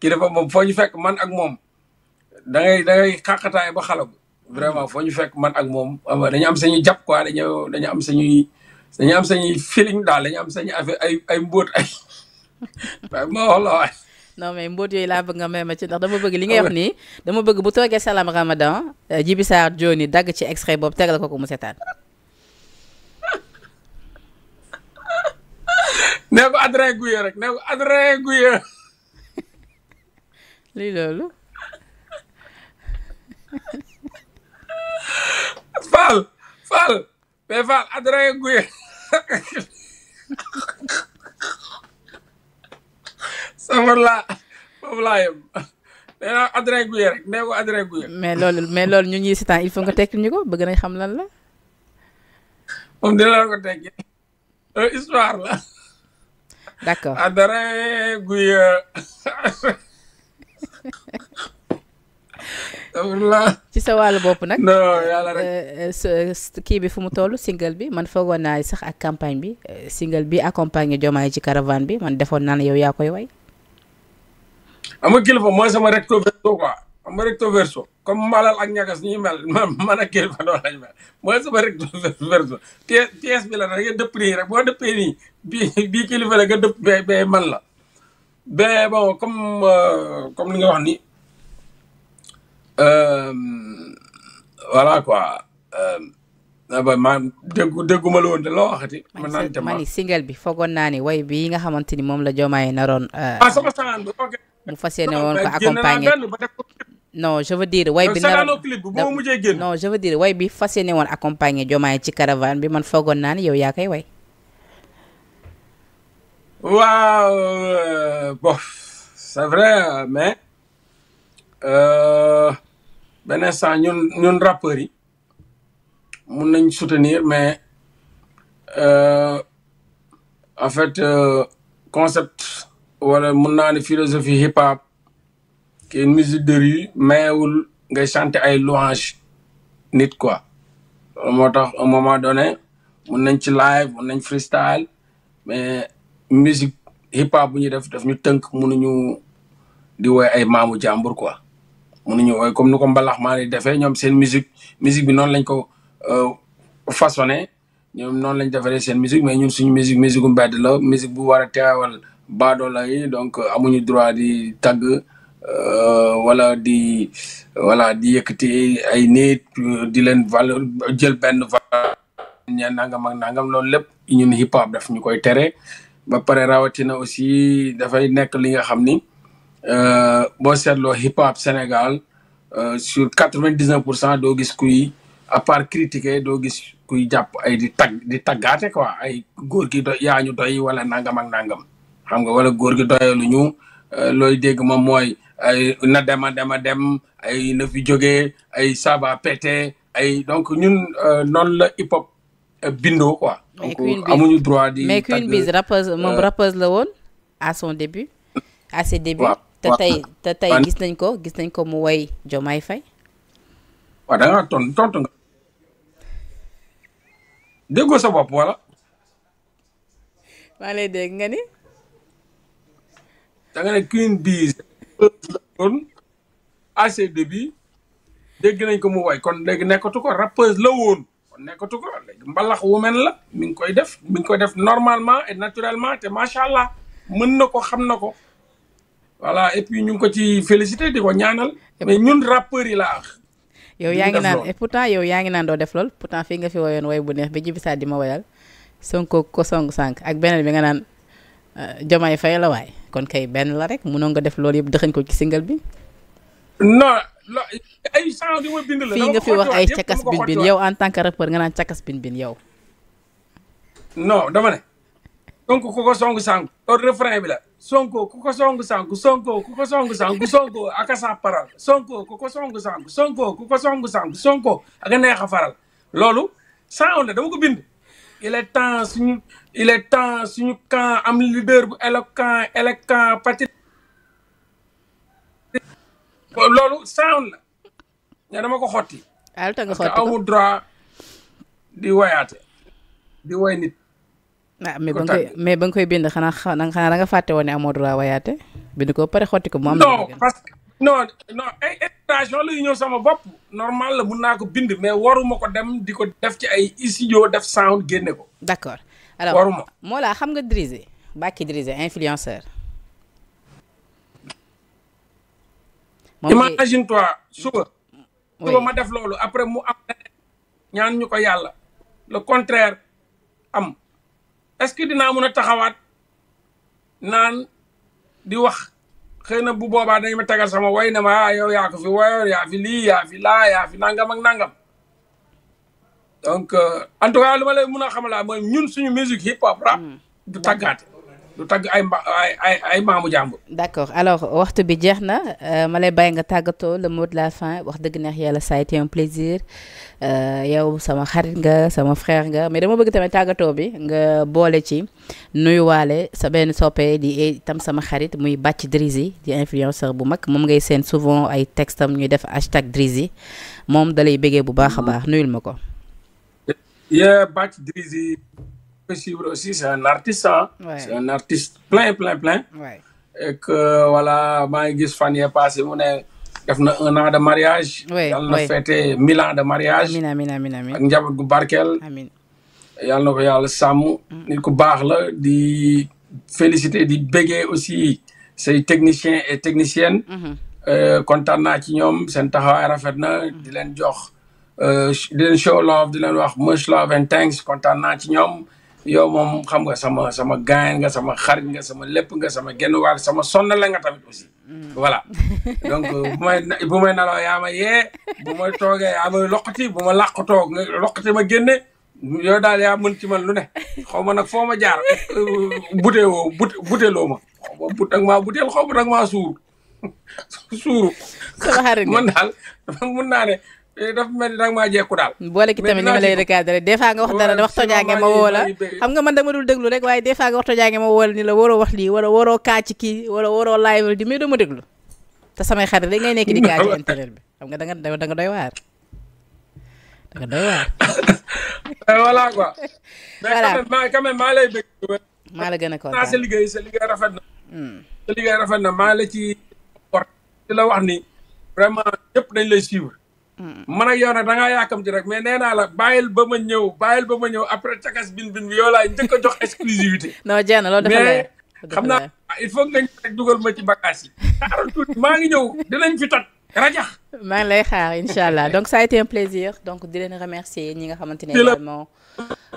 kii dafa moom foo ñu fekk man ak moom da ngay da xàqataay ba xalagu vraiment foo ñu fekk man ak moom dañu am sañuy jàpp quoi dañu dañu am sañuy dañu am sañuy feeling daal dañu am sañuy affaire ay ay mbóot ay waaye moo wax la waay non mbóot yooyu laa bëgg nga may ma ci ndax dama bëgg li nga wax nii dama bëgg bu toogee Salam Ramadan euh, Djiby Sarr Dioni dagg ci extrait boobu tegale ko ko mu seetaan nee ko adré guye rek nee ko adré guye lii loolu. Fall Fall mais Fall Adrien Guèye sama laa laa yem nee naa Adrien rek nee ko Adrien Guèye. mais loolu mais loolu ñu ñuy si temps il faut nga tekki ñu ko bëgg nañ xam lan la. moom dina la ko tekki histoire la. d'accord Adrien Guèye. ci sa wàllu bopp nag. non yàlla rek. Euh, euh, kii bi fu mu toll single bi man foogoon naa sax ak campagne bi euh, single bi accompagné Diomaye ci caravane bi man defoon naa ne yaa koy way. am kilifa mooy sama recto verso Malal ak ñagas ñu mel man ak kilifa noonu lañ mel mooy sama recto verso pièce bi la nag dëpp nii rek boo dëppee nii bii bii kilifa la nga dëpp bee bee man la. ben bon comme euh, comme li nga wax ni euh, voilà quoi ba euh, ah, woon de loo waxati. mën naa ni single bi foogoon naa ni way bii nga xamante ni moom la yi naroon. Euh, ah sama salaan bi ok. mu fas yéene woon ko accompagner non je veux way bi naroon clip bi bu mujjee woon accompagner Diomaye ci caravane bi man foogoon naa ni yow yaa koy way. waaw euh, bo c'est vrai mais euh, benn instant ñun ñun rappeurs yi mun nañ soutenir mais euh, en fait concept wala mun naa ne philosophie hip hop qui est une musique de rue mayewul ngay chanter ay louange nit quoi moo tax un moment donné mun nañ ci live mun nañ freestyle mais musique hip hop bu ñuy def def ñu tënk mënuñu di woy ay maamu jàmbur quoi ñu woy comme ni ko mbalax maa di defee ñoom seen musique musique bi noonu lañ ko euh, façonné ñoom noonu lañ defaree seen musique mais ñun suñu musique musique bu mbedd la musique bu war a teewal baadoola yi donc euh, amuñu droit di tagg euh, wala di wala di yëkkati ay nit di leen valeur jël benn valeur ñe nangam ak nangam loolu lépp ñun hip hop daf ñu koy tere ba pare rawatina aussi dafay nekk li nga xam ni euh, boo seetloo hip hop Sénégal euh, sur quatre vingt dix neuf pour cent doo gis kuy à part critiquer doo gis kuy jàpp ay di tag di taggaate quoi ay góor gi doy yaa ñu doy wala nangam nangam xam nga wala góor gi doyalu ñu euh, looy dégg moom mooy ay na dem a dem a dem ay na fi jógee ay saba pété ay donc ñun noonu la hip hop bindoo quoi. donc di. mais Queen Biz rappeuse moom euh, rappeuse la woon à son début. à ses débuts te tey te tey gis nañ ko gis nañ ko mu woy Diomaye fay waaw da ngaa tontu tontu nga. déggoo sa bopp wala. maa lay dégg nga ni. da nga ne Queen Biz woon à ses dégg nañ ko mu woy kon léegi nekkatu ko rappeuse la woon. kon nekkatu ko léegi mbalax women la mi ngi koy def mi ngi koy def normalement et naturellement te macha allah mën na ko xam na ko voilà et puis ñu ngi ko ci félicité di ko ñaanal mais ñun rappeurs yi la ax yow yaa ngi naan et pourtant yow yaa ngi naan doo def lool pourtant fii nga fi woyoon woy bu neex ba jibi saa di ma woyal sonko ko song sànq ak beneen bi nga naan euh, Diomaye fay la waay kon kay benn la rek mënoon nga def loolu yëpp dëxañ ko ci singal bi ay sang bi ma bind la fii nga fi ko songu sangu. loolu refrain bi la. sonko ku ko songu sangu sonko ku ko songu sangu sonko ak a sax faral. sonko a neex dama ko bind. il est temps suñu il est am leader bu éloquent éloquent pati. loolu sound la ña dama ko xotti. waaw lu tax nga xotti ko amul droit di woyaate di woy nit. ah mais ba nga koy mais ba nga koy bind xanaa xanaa xanaa da nga fàtte woon ne amoo droit woyaate bind ko pare xotti ko. mu am non que non non la yu ñëw sama bopp normal la naa ko bind mais waruma ko dem di ko def ci ay studio def sound génne ko. d'accord alors waruma. Mollah xam nga Drizzy Bàkki Drizzy influenceur. imagine toi suba. suba ma def loolu après mu am ñaan ñu ko yàlla le contraire am est-ce que dinaa mun a taxawaat naan di wax xëy na bu boobaa dañ ma tagal sama way na ma ah, yow yaa ko fi wayoor yaa fi lii yaa fi laa yaa fi nangam ak nangam donc euh, en tout cas li ma lay mën a xamalaa mooy ñun suñu musique hip hop rap mm. du tàggaate du tagg ay mba ay ay maamu d'accord alors waxtu bi jeex na euh, ma lay bàyyi nga tàggatoo la mot la fin wax dëgg neex yàlla ça a été un plaisir euh, yow sama xarit nga sama frère nga mais dama bëgg tamit tàggatoo bi nga boole ci nuyuwaale sa benn soppee di itam e-, sama xarit muy Bathie Drizzy di influenceur bu mag moom ngay seen souvent ay texte am ñuy def hashtag Drizzy moom dalay bëggee bu baax a mm-hmm. baax nuyul ma ko. peut suivre aussi c'est un artiste ah. Ouais. c'est un artiste plein plein plein. Ouais. et que voilà maa ngi gis fan yii passé mu ne def na un an de mariage. oui yàlla na fêté mille ans de mariage. amiin amiin amiin amiin ak njaboot gu barkeel. amiin yàlla na ko yàlla sàmm. Mm. nit ku baax la di féliciter di béggee aussi say techniciens et techniciennes. Mm-hmm. Euh, kontaan naa ci ñoom seen taxawaay rafet na mm-hmm. di leen jox euh, di leen show love di leen wax much love and thanks kontaan naa ci ñoom. yow moom xam nga sama sama gaañ nga sama xarit nga sama lépp nga sama genn wàll sama sonn la nga tamit aussi. Mm. voilà donc bu may bu may nalaw yaa ma yee bu may toogee yaa ma loqati bu ma làq toog nga loqati ma génne yow daal yaa mën ci man lu ne xaw ma nag foo ma jaar buteewoo bute buteeloo ma xaw ma but nag maa buteel xaw ma nag maa suur suuru. sama xarit daal mun naa Eh, dafa mel ni danga maa jekku daal hmm, boole ki tamit ni ma lay recadré des fois nga wax dara wax tojaange ma woo la xam nga man dama dul déglu rek waaye des fois nga wax tojaange ma woo la ni la waroo wax lii wala waroo kaa ci kii wala waroo live di mais dama déglu te samay xarit rek ngay nekk di kaa ci internet bi xam nga da nga da nga doy waar da nga doy waar eh, voilà quoi voilà mais quand même maa lay bëgg maa la gën a kontaan sa liggéey sa liggéey rafet na hmm. sa liggéey rafet na maa la ci port di la wax ni vraiment ñëpp dañ lay suivre man a yow nag da ngaa yàkkamti rek mais nee naa la bàyyil ba ma ñëw bàyyil ba ma ñëw après cakas bin bin bi yow laay njëkk a jox exclusivité. non jéem loolu dafa mais xam naa il faut nga rek dugal ma ci bagage yi. xaaral maa ngi ñëw dinañ fi toj. rajax maa ngi lay xaar incha allah donc ça a été un plaisir donc di leen remercier ñi nga xamante ne également.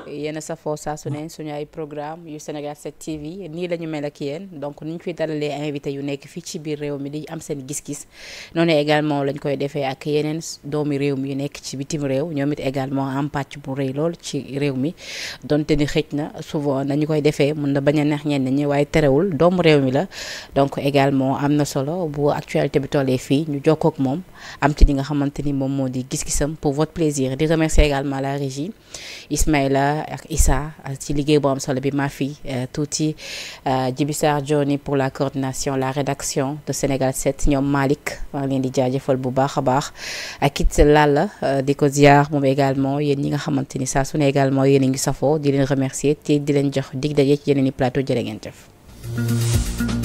yéen sa saa su ne suñu ay programme yu Sénégal 7 TV nii la ñu mel ak yéen donc ni ñu fiy dalalee invité yu nekk fii ci biir réew mi di am seen gis-gis noonu également lañ koy defee ak yeneen doomi réew mi nekk ci bitim réew ñoom it également am pàcc bu rëy lool ci réew mi donte ni xëj na souvent nañu koy defee mun na bañ a neex ñenn ñi waaye terewul doomu réew mi la donc également am na solo bu actualité bi tollee fii ñu jokkook moom am ci li nga xamante ni moom moo di gis-gisam pour votre plaisir di remercier également la régie Ismaïla ak Issa euh, ci liggéey boo am solo bi maa fi euh, tuuti euh, Djibisar Johnny pour la coordination la rédaction de Sénégal 7 ñoom Malick maa ngi leen di jaajëfal bu baax a baax ak it Lalla di ko ziar moom également yéen ñi nga xamante ni saa su ne également yéen a ngi safoo di leen remercier te di leen jox dig daje ci yeneen i plateau jërë ngeen jëf